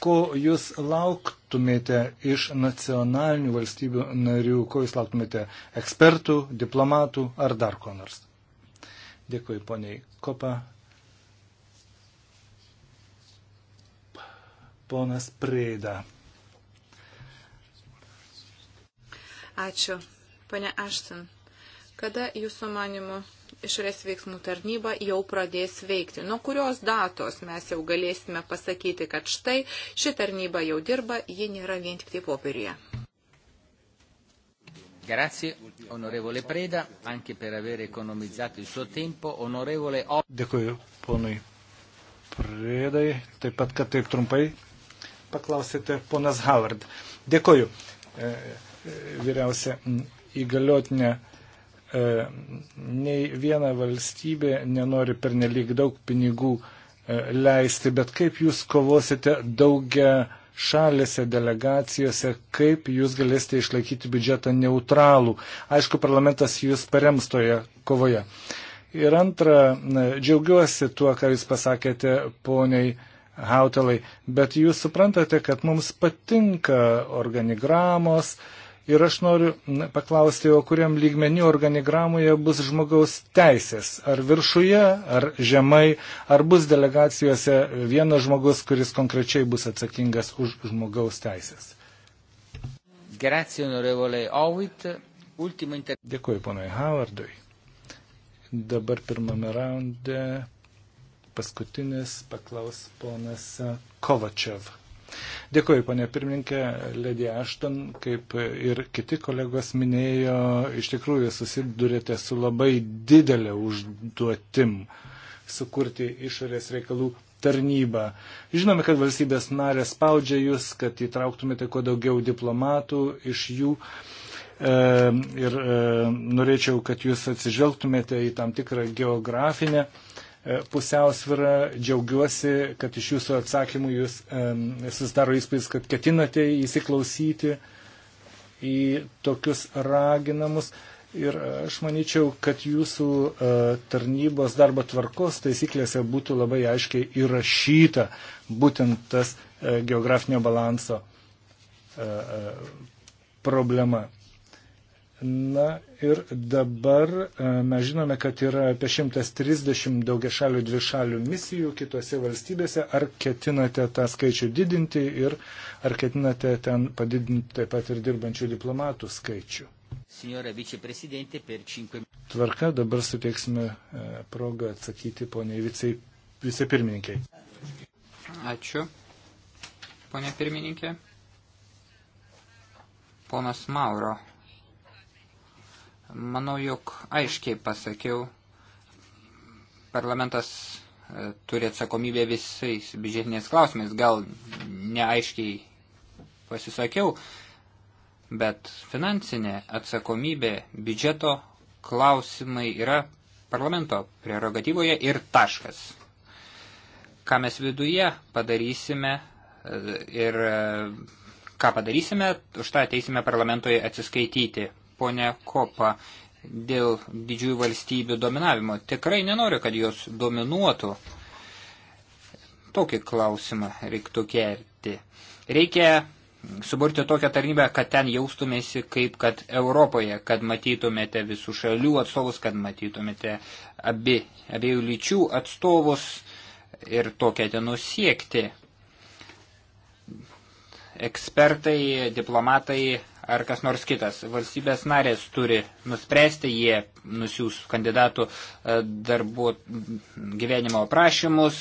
Speaker 2: ko jūs lauktumėte iš nacionalinių valstybių narių, ko jūs lauktumėte ekspertų, diplomatų ar dar ko nors? Dėkui poniai Kopa Ponas Prėda.
Speaker 3: Ačiū. Pane Ašten, kada jūsų manimo išorės veiksmų tarnyba jau pradės veikti. Nuo kurios datos mes jau galėsime pasakyti, kad štai ši tarnyba jau dirba, ji nėra vien tik tai popierėje.
Speaker 1: Grazie, onorevole Preda, anche per aver economizzato il suo tempo.
Speaker 2: Onorevole O. Dėkuoju, ponui Predai, taip pat, kad taip trumpai paklausėte, ponas Howard. Dėkoju, e, e, vyriausia įgaliotinė. E, nei viena valstybė nenori pernelyg daug pinigų leisti, bet kaip jūs kovosite daugia šalėse, delegacijose, kaip jūs galėsite išlaikyti biudžetą neutralų. Aišku, parlamentas jūs parems toje kovoje. Ir antra, džiaugiuosi tuo, ką jūs pasakėte poniai Hautelai, bet jūs suprantate, kad mums patinka organigramos ir aš noriu paklausti, o kuriam lygmeniu organigramoje bus žmogaus teisės? Ar viršuje, ar žemai, ar bus delegacijose vienas žmogus, kuris konkrečiai bus atsakingas už žmogaus teisės?
Speaker 1: Grazie, onorevole Ovit.
Speaker 2: Ultimo inter... Dėkuoju, ponai Howardui. Dabar pirmame raunde paskutinis paklaus ponas Kovačev. Dėkuoju, ponė pirmininkė, Ledė Ašton, kaip ir kiti kolegos minėjo, iš tikrųjų susidurėte su labai didelė užduotim sukurti išorės reikalų tarnybą. Žinome, kad valstybės narės spaudžia jūs, kad įtrauktumėte kuo daugiau diplomatų iš jų. E, ir e, norėčiau, kad jūs atsižvelgtumėte į tam tikrą geografinę e, E, pusiausvyrą. Džiaugiuosi, kad iš jūsų atsakymų jūs e, susidaro įspūdis, kad ketinate įsiklausyti į tokius raginamus. Ir aš manyčiau, kad jūsų e, tarnybos darbo tvarkos taisyklėse būtų labai aiškiai įrašyta būtent tas geografinio balanso problema. Na ir dabar e, mes žinome, kad yra apie 130 daugiašalių dvišalių misijų kitose valstybėse. Ar ketinate tą skaičių didinti ir ar ketinate ten padidinti taip pat ir dirbančių diplomatų skaičių? Tvarka dabar suteiksime e, progą atsakyti poniai vicepirmininkiai.
Speaker 1: Ačiū,
Speaker 4: ponia pirmininkė.
Speaker 2: Ponas Mauro
Speaker 4: Manau, jog aiškiai pasakiau, parlamentas e, turi atsakomybę visais biudžetinės klausimais. Gal neaiškiai pasisakiau, bet finansinė atsakomybė biudžeto klausimai yra parlamento prerogatyvoje ir taškas. Ką mes viduje padarysime e, ir e, ką padarysime, už tą ateisime parlamentoje atsiskaityti ponia Kopa dėl didžiųjų valstybių dominavimo. Tikrai nenoriu, kad jos dominuotų. Tokį klausimą reiktų kerti. Reikia suburti tokią tarnybę, kad ten jaustumėsi kaip kad Europoje, kad matytumėte visų šalių atstovus, kad matytumėte abi, abiejų lyčių atstovus ir tokia ten nusiekti. Ekspertai, diplomatai ar kas nors kitas. Valstybės narės turi nuspręsti, jie nusiūs kandidatų e, darbo gyvenimo aprašymus,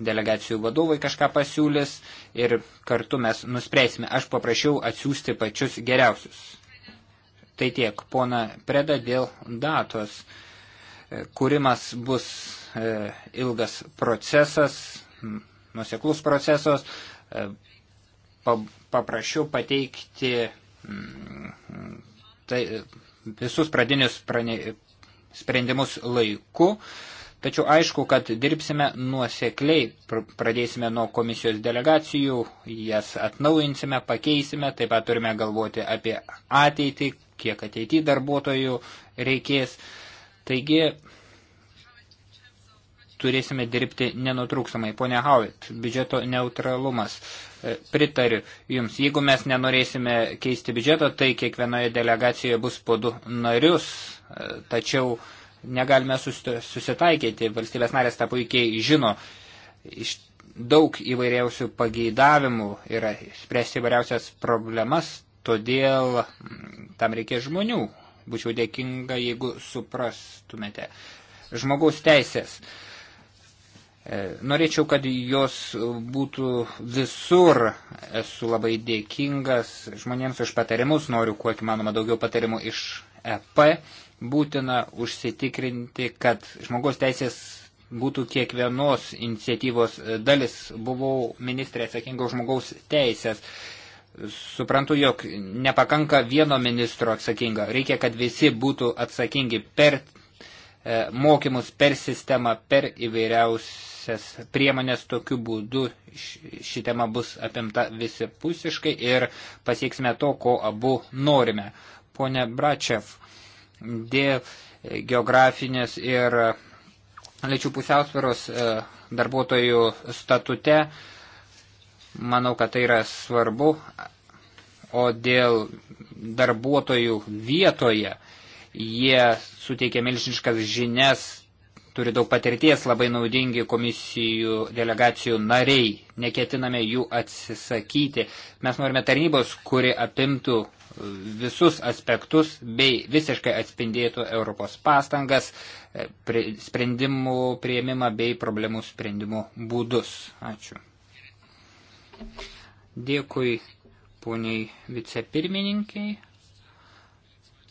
Speaker 4: delegacijų vadovai kažką pasiūlys ir kartu mes nuspręsime. Aš paprašiau atsiųsti pačius geriausius. Tai tiek, pona Preda, dėl datos. E, kūrimas bus e, ilgas procesas, nuseklus procesas. Paprašiau pateikti tai, e, visus pradinius prane, sprendimus laiku. Tačiau aišku, kad dirbsime nuosekliai, pradėsime nuo komisijos delegacijų, jas atnaujinsime, pakeisime, taip pat turime galvoti apie ateitį, kiek ateity darbuotojų reikės. Taigi turėsime dirbti nenutrūksamai. Pone Howitt, biudžeto neutralumas. E, pritariu Jums, jeigu mes nenorėsime keisti biudžeto, tai kiekvienoje delegacijoje bus po du narius, e, tačiau negalime susitaikyti, valstybės narės tą puikiai žino. Iš daug įvairiausių pageidavimų yra spręsti įvairiausias problemas, todėl mm, tam reikia žmonių. Būčiau dėkinga, jeigu suprastumėte. Žmogaus teisės. Uh, E, norėčiau, kad jos būtų visur. Esu labai dėkingas žmonėms už patarimus, noriu kuo įmanoma daugiau patarimų iš EP. Būtina užsitikrinti, kad žmogaus teisės būtų kiekvienos iniciatyvos dalis. Buvau ministrė atsakinga už žmogaus teisės. Suprantu, jog nepakanka vieno ministro atsakinga. Reikia, kad visi būtų atsakingi per E, mokymus per sistemą, per įvairiausias priemonės. Tokiu būdu ši tema bus apimta visipusiškai ir pasieksime to, ko abu norime. Pone Bračev, dėl geografinės ir lyčių pusiausvėros e, darbuotojų statute, manau, kad tai yra svarbu, o dėl darbuotojų vietoje, Jie suteikia milžiniškas žinias, turi daug patirties, labai naudingi komisijų delegacijų nariai. Neketiname jų atsisakyti. Mes norime tarnybos, kuri apimtų visus aspektus bei visiškai atspindėtų Europos pastangas, e, prie, sprendimų prieimimą bei problemų sprendimų būdus. Ačiū. Dėkui poniai vicepirmininkiai.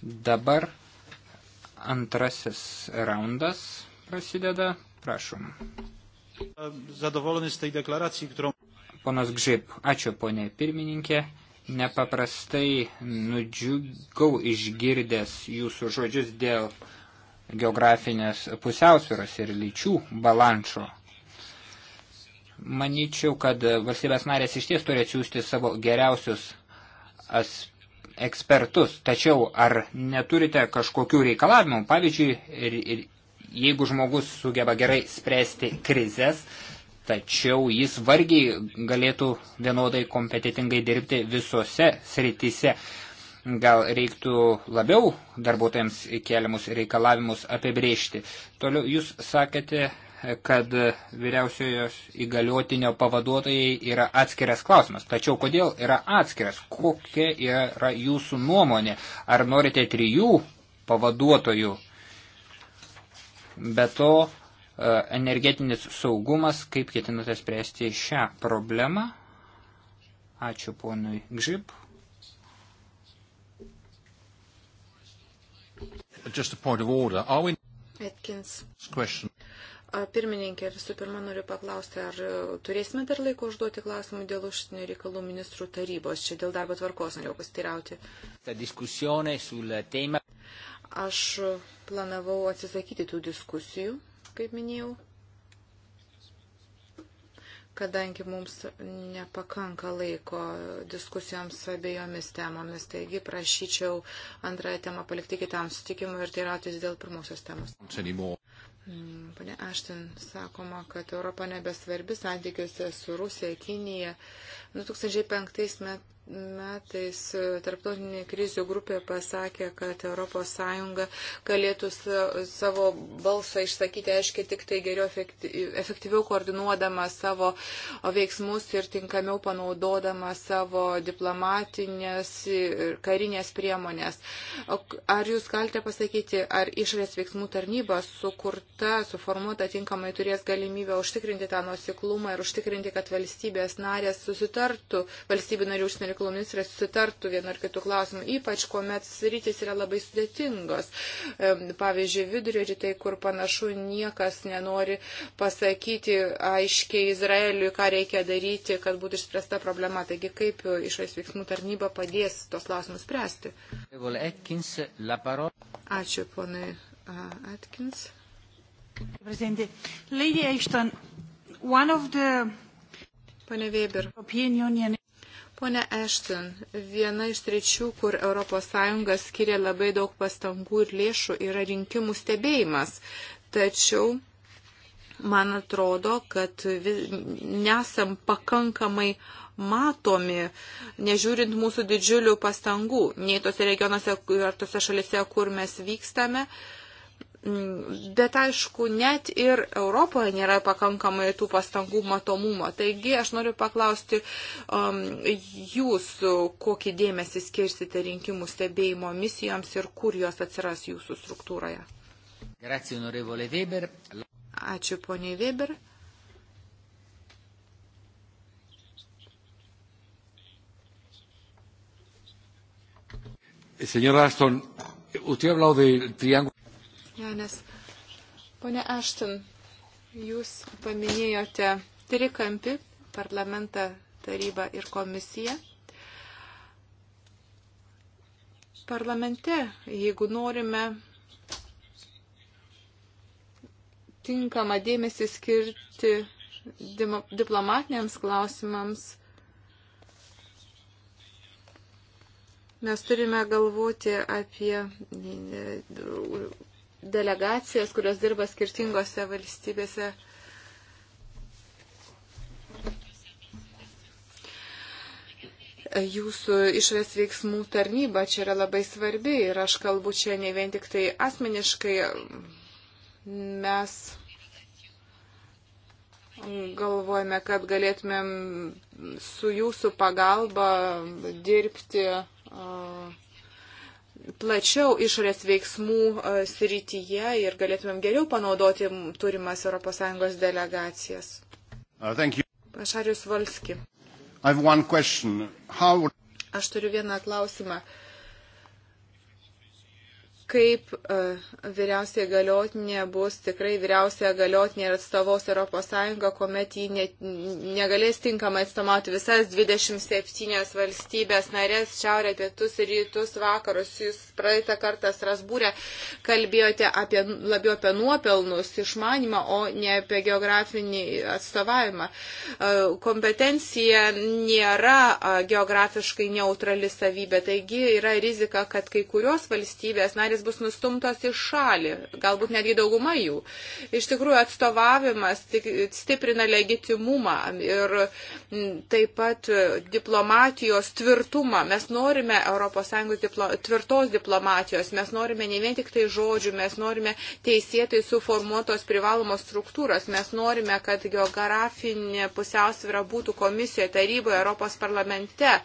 Speaker 4: Dabar Antrasis raundas
Speaker 2: prasideda. Prašom. Zadovolinis tai deklaracijai, kuriuo.
Speaker 4: Ponas Gžip, ačiū ponė pirmininkė. Nepaprastai nudžiugau išgirdęs jūsų žodžius dėl geografinės pusiausvėros ir lyčių balanšo. Manyčiau, kad valstybės narės iš ties turi atsiųsti savo geriausius as, ekspertus, tačiau ar neturite kažkokių reikalavimų? Pavyzdžiui, ir, ir jeigu žmogus sugeba gerai spręsti krizės, tačiau jis vargiai galėtų vienodai kompetitingai dirbti visose sritise. Gal reiktų labiau darbuotojams keliamus reikalavimus apibrėžti. Toliau jūs sakėte kad vyriausiojos įgaliotinio pavaduotojai yra atskiras klausimas. Tačiau kodėl yra atskiras? Kokia yra jūsų nuomonė? Ar norite trijų pavaduotojų? Be to, e, energetinis saugumas, kaip ketinate spręsti šią problemą? Ačiū ponui Gžib. Just a point of order. Are we... Atkins. Question.
Speaker 3: Pirmininkė, visų pirma, noriu paklausti, ar e, turėsime dar laiko užduoti klausimų dėl užsienio reikalų ministrų tarybos. Čia dėl darbo tvarkos norėjau pasitirauti. Aš planavau atsisakyti tų diskusijų, kaip minėjau, kadangi mums nepakanka laiko diskusijoms abiejomis temomis, taigi prašyčiau antrąją temą palikti kitam sutikimui ir teirautis dėl pirmosios temos. Mm, Pane Ašten, sakoma, kad Europa nebesvarbi santykiuose su Rusija, Kinija. 2005 metais metais tarptautinė krizių grupė pasakė, kad ES galėtų savo balsą išsakyti, aiškiai, tik tai geriau efektyviau koordinuodama savo veiksmus ir tinkamiau panaudodama savo diplomatinės ir karinės priemonės. Ar jūs galite pasakyti, ar išorės veiksmų tarnyba sukurta, suformuota tinkamai turės galimybę užtikrinti tą nusiklumą ir užtikrinti, kad valstybės narės susitartų, valstybių narių užsienio reikalų ministras sutartų vienu ar kitu klausimu, ypač kuomet rytis yra labai sudėtingos. Pavyzdžiui, vidurio rytai, kur panašu niekas nenori pasakyti aiškiai Izraeliui, ką reikia daryti, kad būtų išspręsta problema. Taigi, kaip išorės veiksmų tarnyba padės tos klausimus spręsti?
Speaker 1: Ačiū, ponai
Speaker 3: Atkins. Presidente, Lady Ashton, one of the Pane Weber. Pone Ešton, viena iš trečių, kur ES skiria labai daug pastangų ir lėšų, yra rinkimų stebėjimas. Tačiau man atrodo, kad nesam pakankamai matomi, nežiūrint mūsų didžiulių pastangų, nei tose regionuose ar tose šalise, kur mes vykstame. Uh, Mm, bet aišku, net ir Europoje nėra pakankamai tų pastangų matomumo. Taigi aš noriu paklausti um, jūs, kokį dėmesį skirsite rinkimų stebėjimo misijoms ir kur jos atsiras jūsų struktūroje.
Speaker 1: Grazie, Weber.
Speaker 3: Ačiū, poniai Weber.
Speaker 2: Señora Aston, usted ha hablado del triángulo.
Speaker 3: Janes. Pone Ashton, jūs paminėjote trikampį parlamentą, tarybą ir komisiją. Parlamente, jeigu norime tinkamą dėmesį skirti diplomatiniams klausimams, mes turime galvoti apie delegacijas, kurios dirba skirtingose valstybėse. Jūsų išvės veiksmų tarnyba čia yra labai svarbi ir aš kalbu čia ne vien tik tai asmeniškai. Mes galvojame, kad galėtumėm su jūsų pagalba dirbti. Uh, plačiau išorės veiksmų e, srityje ir galėtumėm geriau panaudoti turimas ES delegacijas. Uh, Pašarius Valski.
Speaker 1: How...
Speaker 3: Aš turiu vieną klausimą. Uh, kaip e, vyriausiai galiotinė bus tikrai vyriausiai galiotinė ir atstovaus ES, kuomet ji ne, negalės tinkamai atstovauti visas 27 valstybės narės, šiaurė, pietus ir rytus, vakarus. Jūs praeitą kartą Strasbūrė kalbėjote apie, labiau apie nuopelnus, išmanimą, o ne apie geografinį atstovavimą. E, kompetencija nėra e, geografiškai neutrali savybė, taigi yra rizika, kad kai kurios valstybės narės moteris bus nustumtos į šalį, galbūt netgi dauguma jų. Iš tikrųjų, atstovavimas stiprina legitimumą ir taip pat e, diplomatijos tvirtumą. Mes norime ES diplo, tvirtos diplomatijos, mes norime ne vien tik tai žodžių, mes norime teisėtai suformuotos privalomos struktūros, mes norime, kad geografinė pusiausvyrą būtų komisijoje, taryboje, Europos parlamente.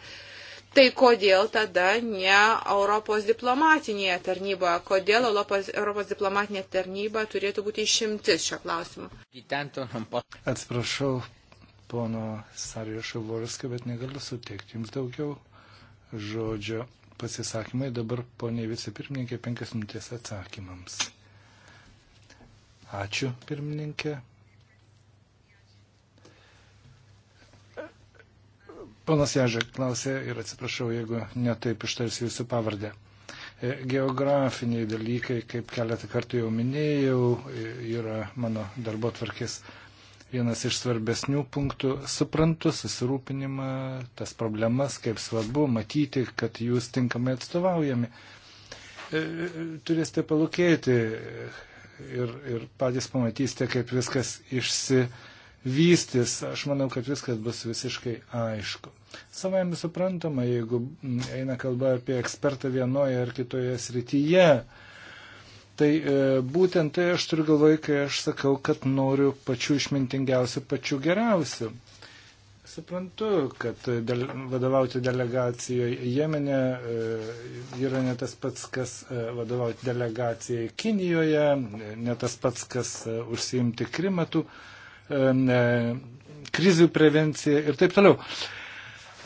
Speaker 3: Tai kodėl tada ne Europos diplomatinėje tarnyboje, kodėl Europos, Europos diplomatinė tarnyba turėtų būti išimtis šio klausimo?
Speaker 2: Atsiprašau, pono Sarijošo Vorskio, bet negaliu suteikti jums daugiau žodžio pasisakymai. Dabar ponė vicepirmininkė penkias minutės atsakymams. Ačiū, pirmininkė. Ponas Ježek klausė ir atsiprašau, jeigu netaip ištarsiu jūsų pavardę. E, geografiniai dalykai, kaip keletą kartų jau minėjau, e, yra mano darbo tvarkės vienas iš svarbesnių punktų. Suprantu susirūpinimą, tas problemas, kaip svarbu matyti, kad jūs tinkamai atstovaujami. E, turėsite palūkėti ir, ir patys pamatysite, kaip viskas išsiaiškina vystis, aš manau, kad viskas bus visiškai aišku. Savaime suprantama, jeigu eina kalba apie ekspertą vienoje ar kitoje srityje, tai e, būtent tai aš turiu galvoje, kai aš sakau, kad noriu pačių išmintingiausių, pačių geriausių. Suprantu, kad del, vadovauti delegacijoje Jemenė e, yra ne tas pats, kas e, vadovauti delegacijai Kinijoje, e, ne tas pats, kas e, užsiimti krimatu. E, E, krizių prevencija ir taip toliau.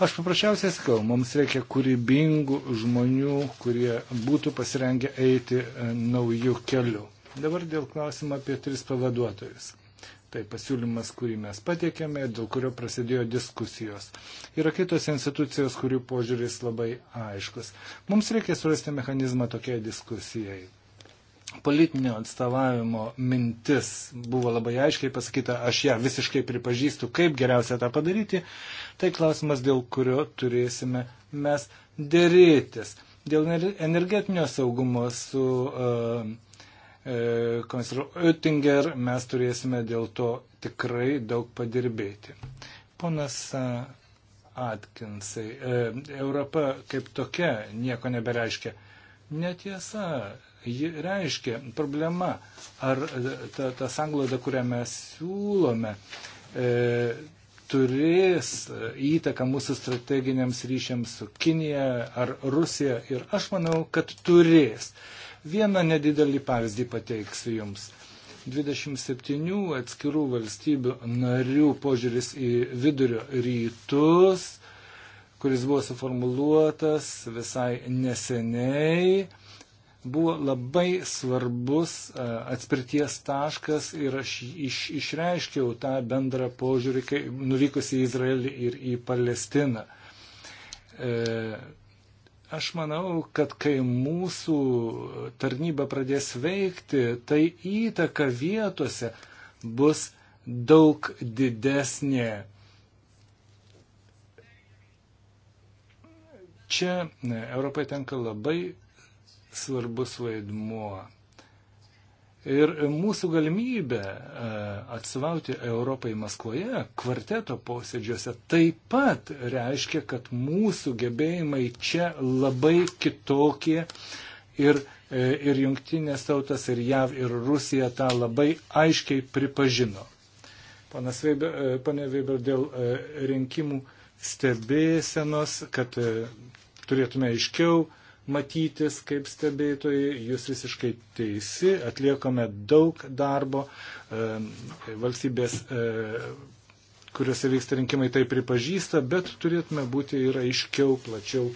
Speaker 2: Aš paprasčiausiai sakau, mums reikia kūrybingų žmonių, kurie būtų pasirengę eiti e, naujų kelių. Dabar dėl klausimo apie tris pavaduotojus. Tai pasiūlymas, kurį mes patiekėme ir dėl kurio prasidėjo diskusijos. Yra kitos institucijos, kurių požiūris labai aiškus. Mums reikia surasti mechanizmą tokiai diskusijai politinio atstovavimo mintis buvo labai aiškiai pasakyta, aš ją visiškai pripažįstu, kaip geriausia tą padaryti, tai klausimas, dėl kurio turėsime mes dėrėtis. Dėl energetinio saugumo su uh, uh, kancleru Oettinger mes turėsime dėl to tikrai daug padirbėti. Ponas uh, Atkinsai, uh, Europa kaip tokia nieko nebereiškia. Netiesa, ji reiškia. Problema, ar ta, ta sanglauda, kurią mes siūlome, e, turės įtaką mūsų strateginiams ryšiams su Kinija ar Rusija ir aš manau, kad turės. Vieną nedidelį pavyzdį pateiksiu jums. 27 atskirų valstybių narių požiūris į vidurio rytus, kuris buvo suformuluotas visai neseniai, buvo labai svarbus e, atspirties taškas ir aš iš, išreiškiau tą bendrą požiūrį, kai nuvykus į Izraelį ir į Palestiną. E, aš manau, kad kai mūsų tarnyba pradės veikti, tai įtaka vietose bus daug didesnė. Čia ne, Europai tenka labai svarbus vaidmuo. Ir mūsų galimybė e, atsivauti Europai Maskvoje kvarteto posėdžiuose taip pat reiškia, kad mūsų gebėjimai čia labai kitokie ir, e, ir jungtinės tautas, ir JAV, ir Rusija tą labai aiškiai pripažino. Weber, e, pane Weber, dėl rinkimų stebėsenos, kad turėtume aiškiau matytis kaip stebėtojai. Jūs visiškai teisi, atliekame daug darbo. Valstybės, e, kuriuose vyksta rinkimai, tai pripažįsta, bet turėtume būti ir aiškiau, plačiau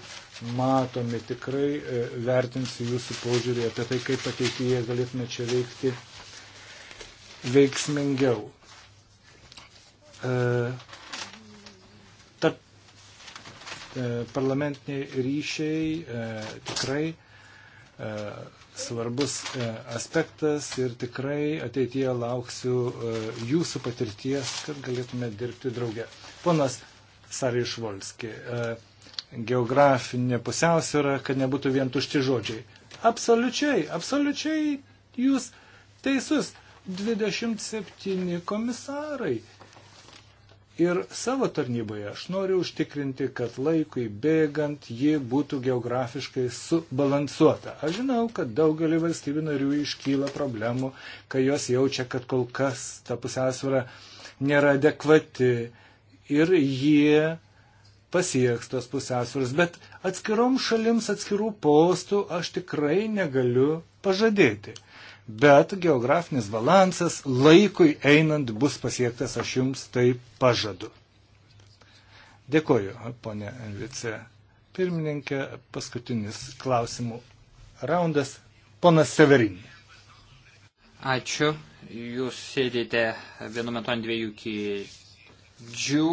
Speaker 2: matomi. Tikrai e, vertinsiu jūsų požiūrį apie tai, kaip ateityje galėtume čia veikti veiksmingiau. Uh E, parlamentiniai ryšiai e, tikrai e, svarbus aspektas ir tikrai ateityje lauksiu jūsų patirties, kad galėtume dirbti drauge. Ponas Sarišvolski, geografinė pusiausvėra, kad nebūtų vien tušti žodžiai. Absoliučiai, absoliučiai jūs teisus. 27 komisarai ir savo tarnyboje aš noriu užtikrinti, kad laikui bėgant ji būtų geografiškai subalansuota. Aš žinau, kad daugelį valstybių narių iškyla problemų, kai jos jaučia, kad kol kas ta pusiausvara nėra adekvati ir jie pasieks tos pusiausvėros, bet atskirom šalims atskirų postų aš tikrai negaliu pažadėti bet geografinis balansas laikui einant bus pasiektas, aš jums tai pažadu. Dėkoju, ponė vice pirmininkė, paskutinis klausimų raundas, ponas Severinė.
Speaker 4: Ačiū, jūs sėdite vienu metu ant dviejų kėdžių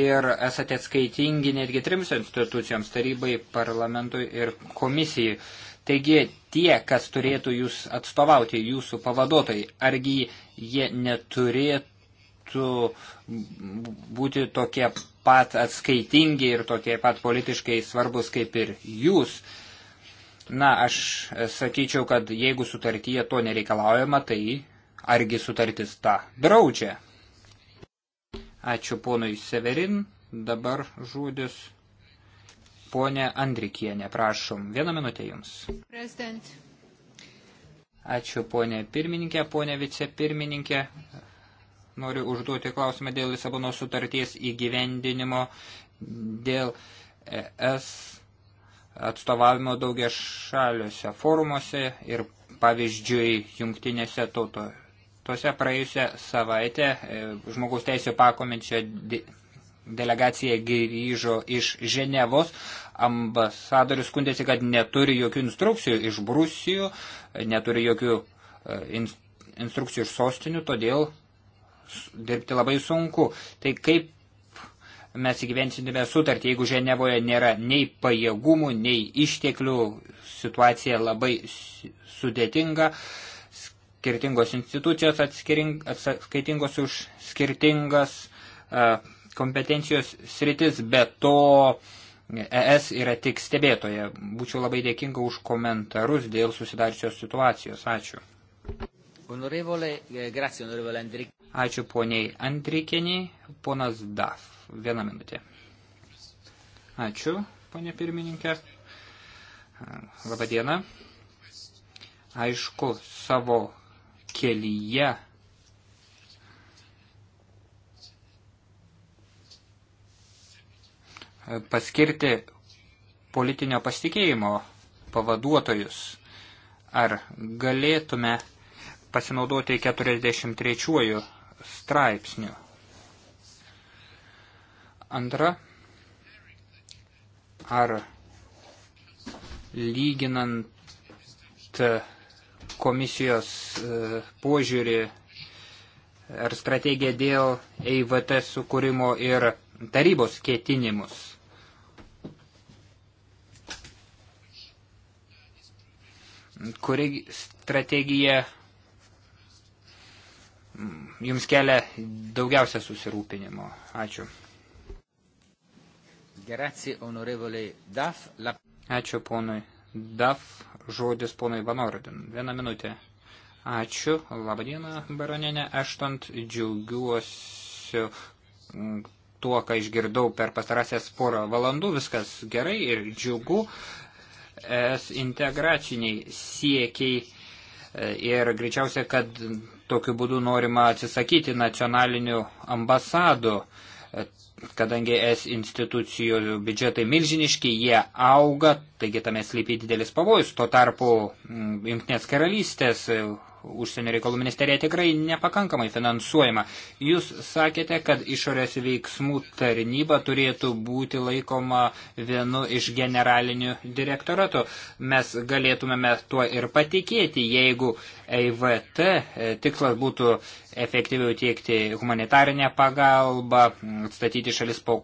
Speaker 4: ir esate atskaitingi netgi trims institucijoms - tarybai, parlamentui ir komisijai. Taigi tie, kas turėtų jūs atstovauti, jūsų pavaduotojai, argi jie neturėtų būti tokie pat atskaitingi ir tokie pat politiškai svarbus kaip ir jūs. Na, aš sakyčiau, kad jeigu sutartyje to nereikalaujama, tai argi sutartis tą draudžia. Ačiū ponui Severin, dabar žodis Pone Andrikienė, prašom, vieną minutę jums. President. Ačiū, ponė pirmininkė, ponė vicepirmininkė. Noriu užduoti klausimą dėl Lisabono sutarties įgyvendinimo, dėl ES atstovavimo daugia šaliuose forumuose ir pavyzdžiui jungtinėse tautoje. Tuose praėjusią savaitę e, žmogaus teisų pakomenčio delegacija grįžo iš Ženevos, ambasadorius skundėsi, kad neturi jokių instrukcijų iš Brusijų, neturi jokių e, instrukcijų iš sostinių, todėl dirbti labai sunku. Tai kaip mes įgyvensinime sutartį, jeigu Ženevoje nėra nei pajėgumų, nei išteklių, situacija labai sudėtinga, skirtingos institucijos atskaitingos už skirtingas e, kompetencijos sritis, bet to uh, ES yra tik stebėtoje. Būčiau labai dėkinga už komentarus dėl susidariusios situacijos. Ačiū.
Speaker 1: Onorevole, e, grazie, onorevole Andrik.
Speaker 4: Ačiū poniai Andrikeniai, ponas Daf. Vieną minutę. Ačiū, ponė pirmininkė. E, Labadiena. Aišku, savo kelyje paskirti politinio pasitikėjimo pavaduotojus. Ar galėtume pasinaudoti 43 straipsniu? Antra, ar lyginant komisijos e, požiūrį ar strategiją dėl EIVT sukūrimo ir tarybos ketinimus. kuri strategija mm, jums kelia daugiausia susirūpinimo. Ačiū.
Speaker 1: Grazie, onorevole Daf. La...
Speaker 4: Ačiū ponui Daf, žodis ponui Vanorodin. Vieną minutę. Ačiū, labadiena, baroninė. Aš tant džiaugiuosi mm, tuo, ką išgirdau per pastarąsias porą valandų. Viskas gerai ir džiugu es integraciniai siekiai e, ir greičiausia, kad tokiu būdu norima atsisakyti nacionalinių ambasadų, e, kadangi es institucijų biudžetai milžiniški, jie auga, taigi tame slypi didelis pavojus. Tuo tarpu Junktinės karalystės užsienio reikalų ministerija tikrai nepakankamai finansuojama. Jūs sakėte, kad išorės veiksmų tarnyba turėtų būti laikoma vienu iš generalinių direktoratų. Mes galėtumėme tuo ir patikėti, jeigu EIVT e, tikslas būtų efektyviau tiekti humanitarinę pagalbą, statyti šalis po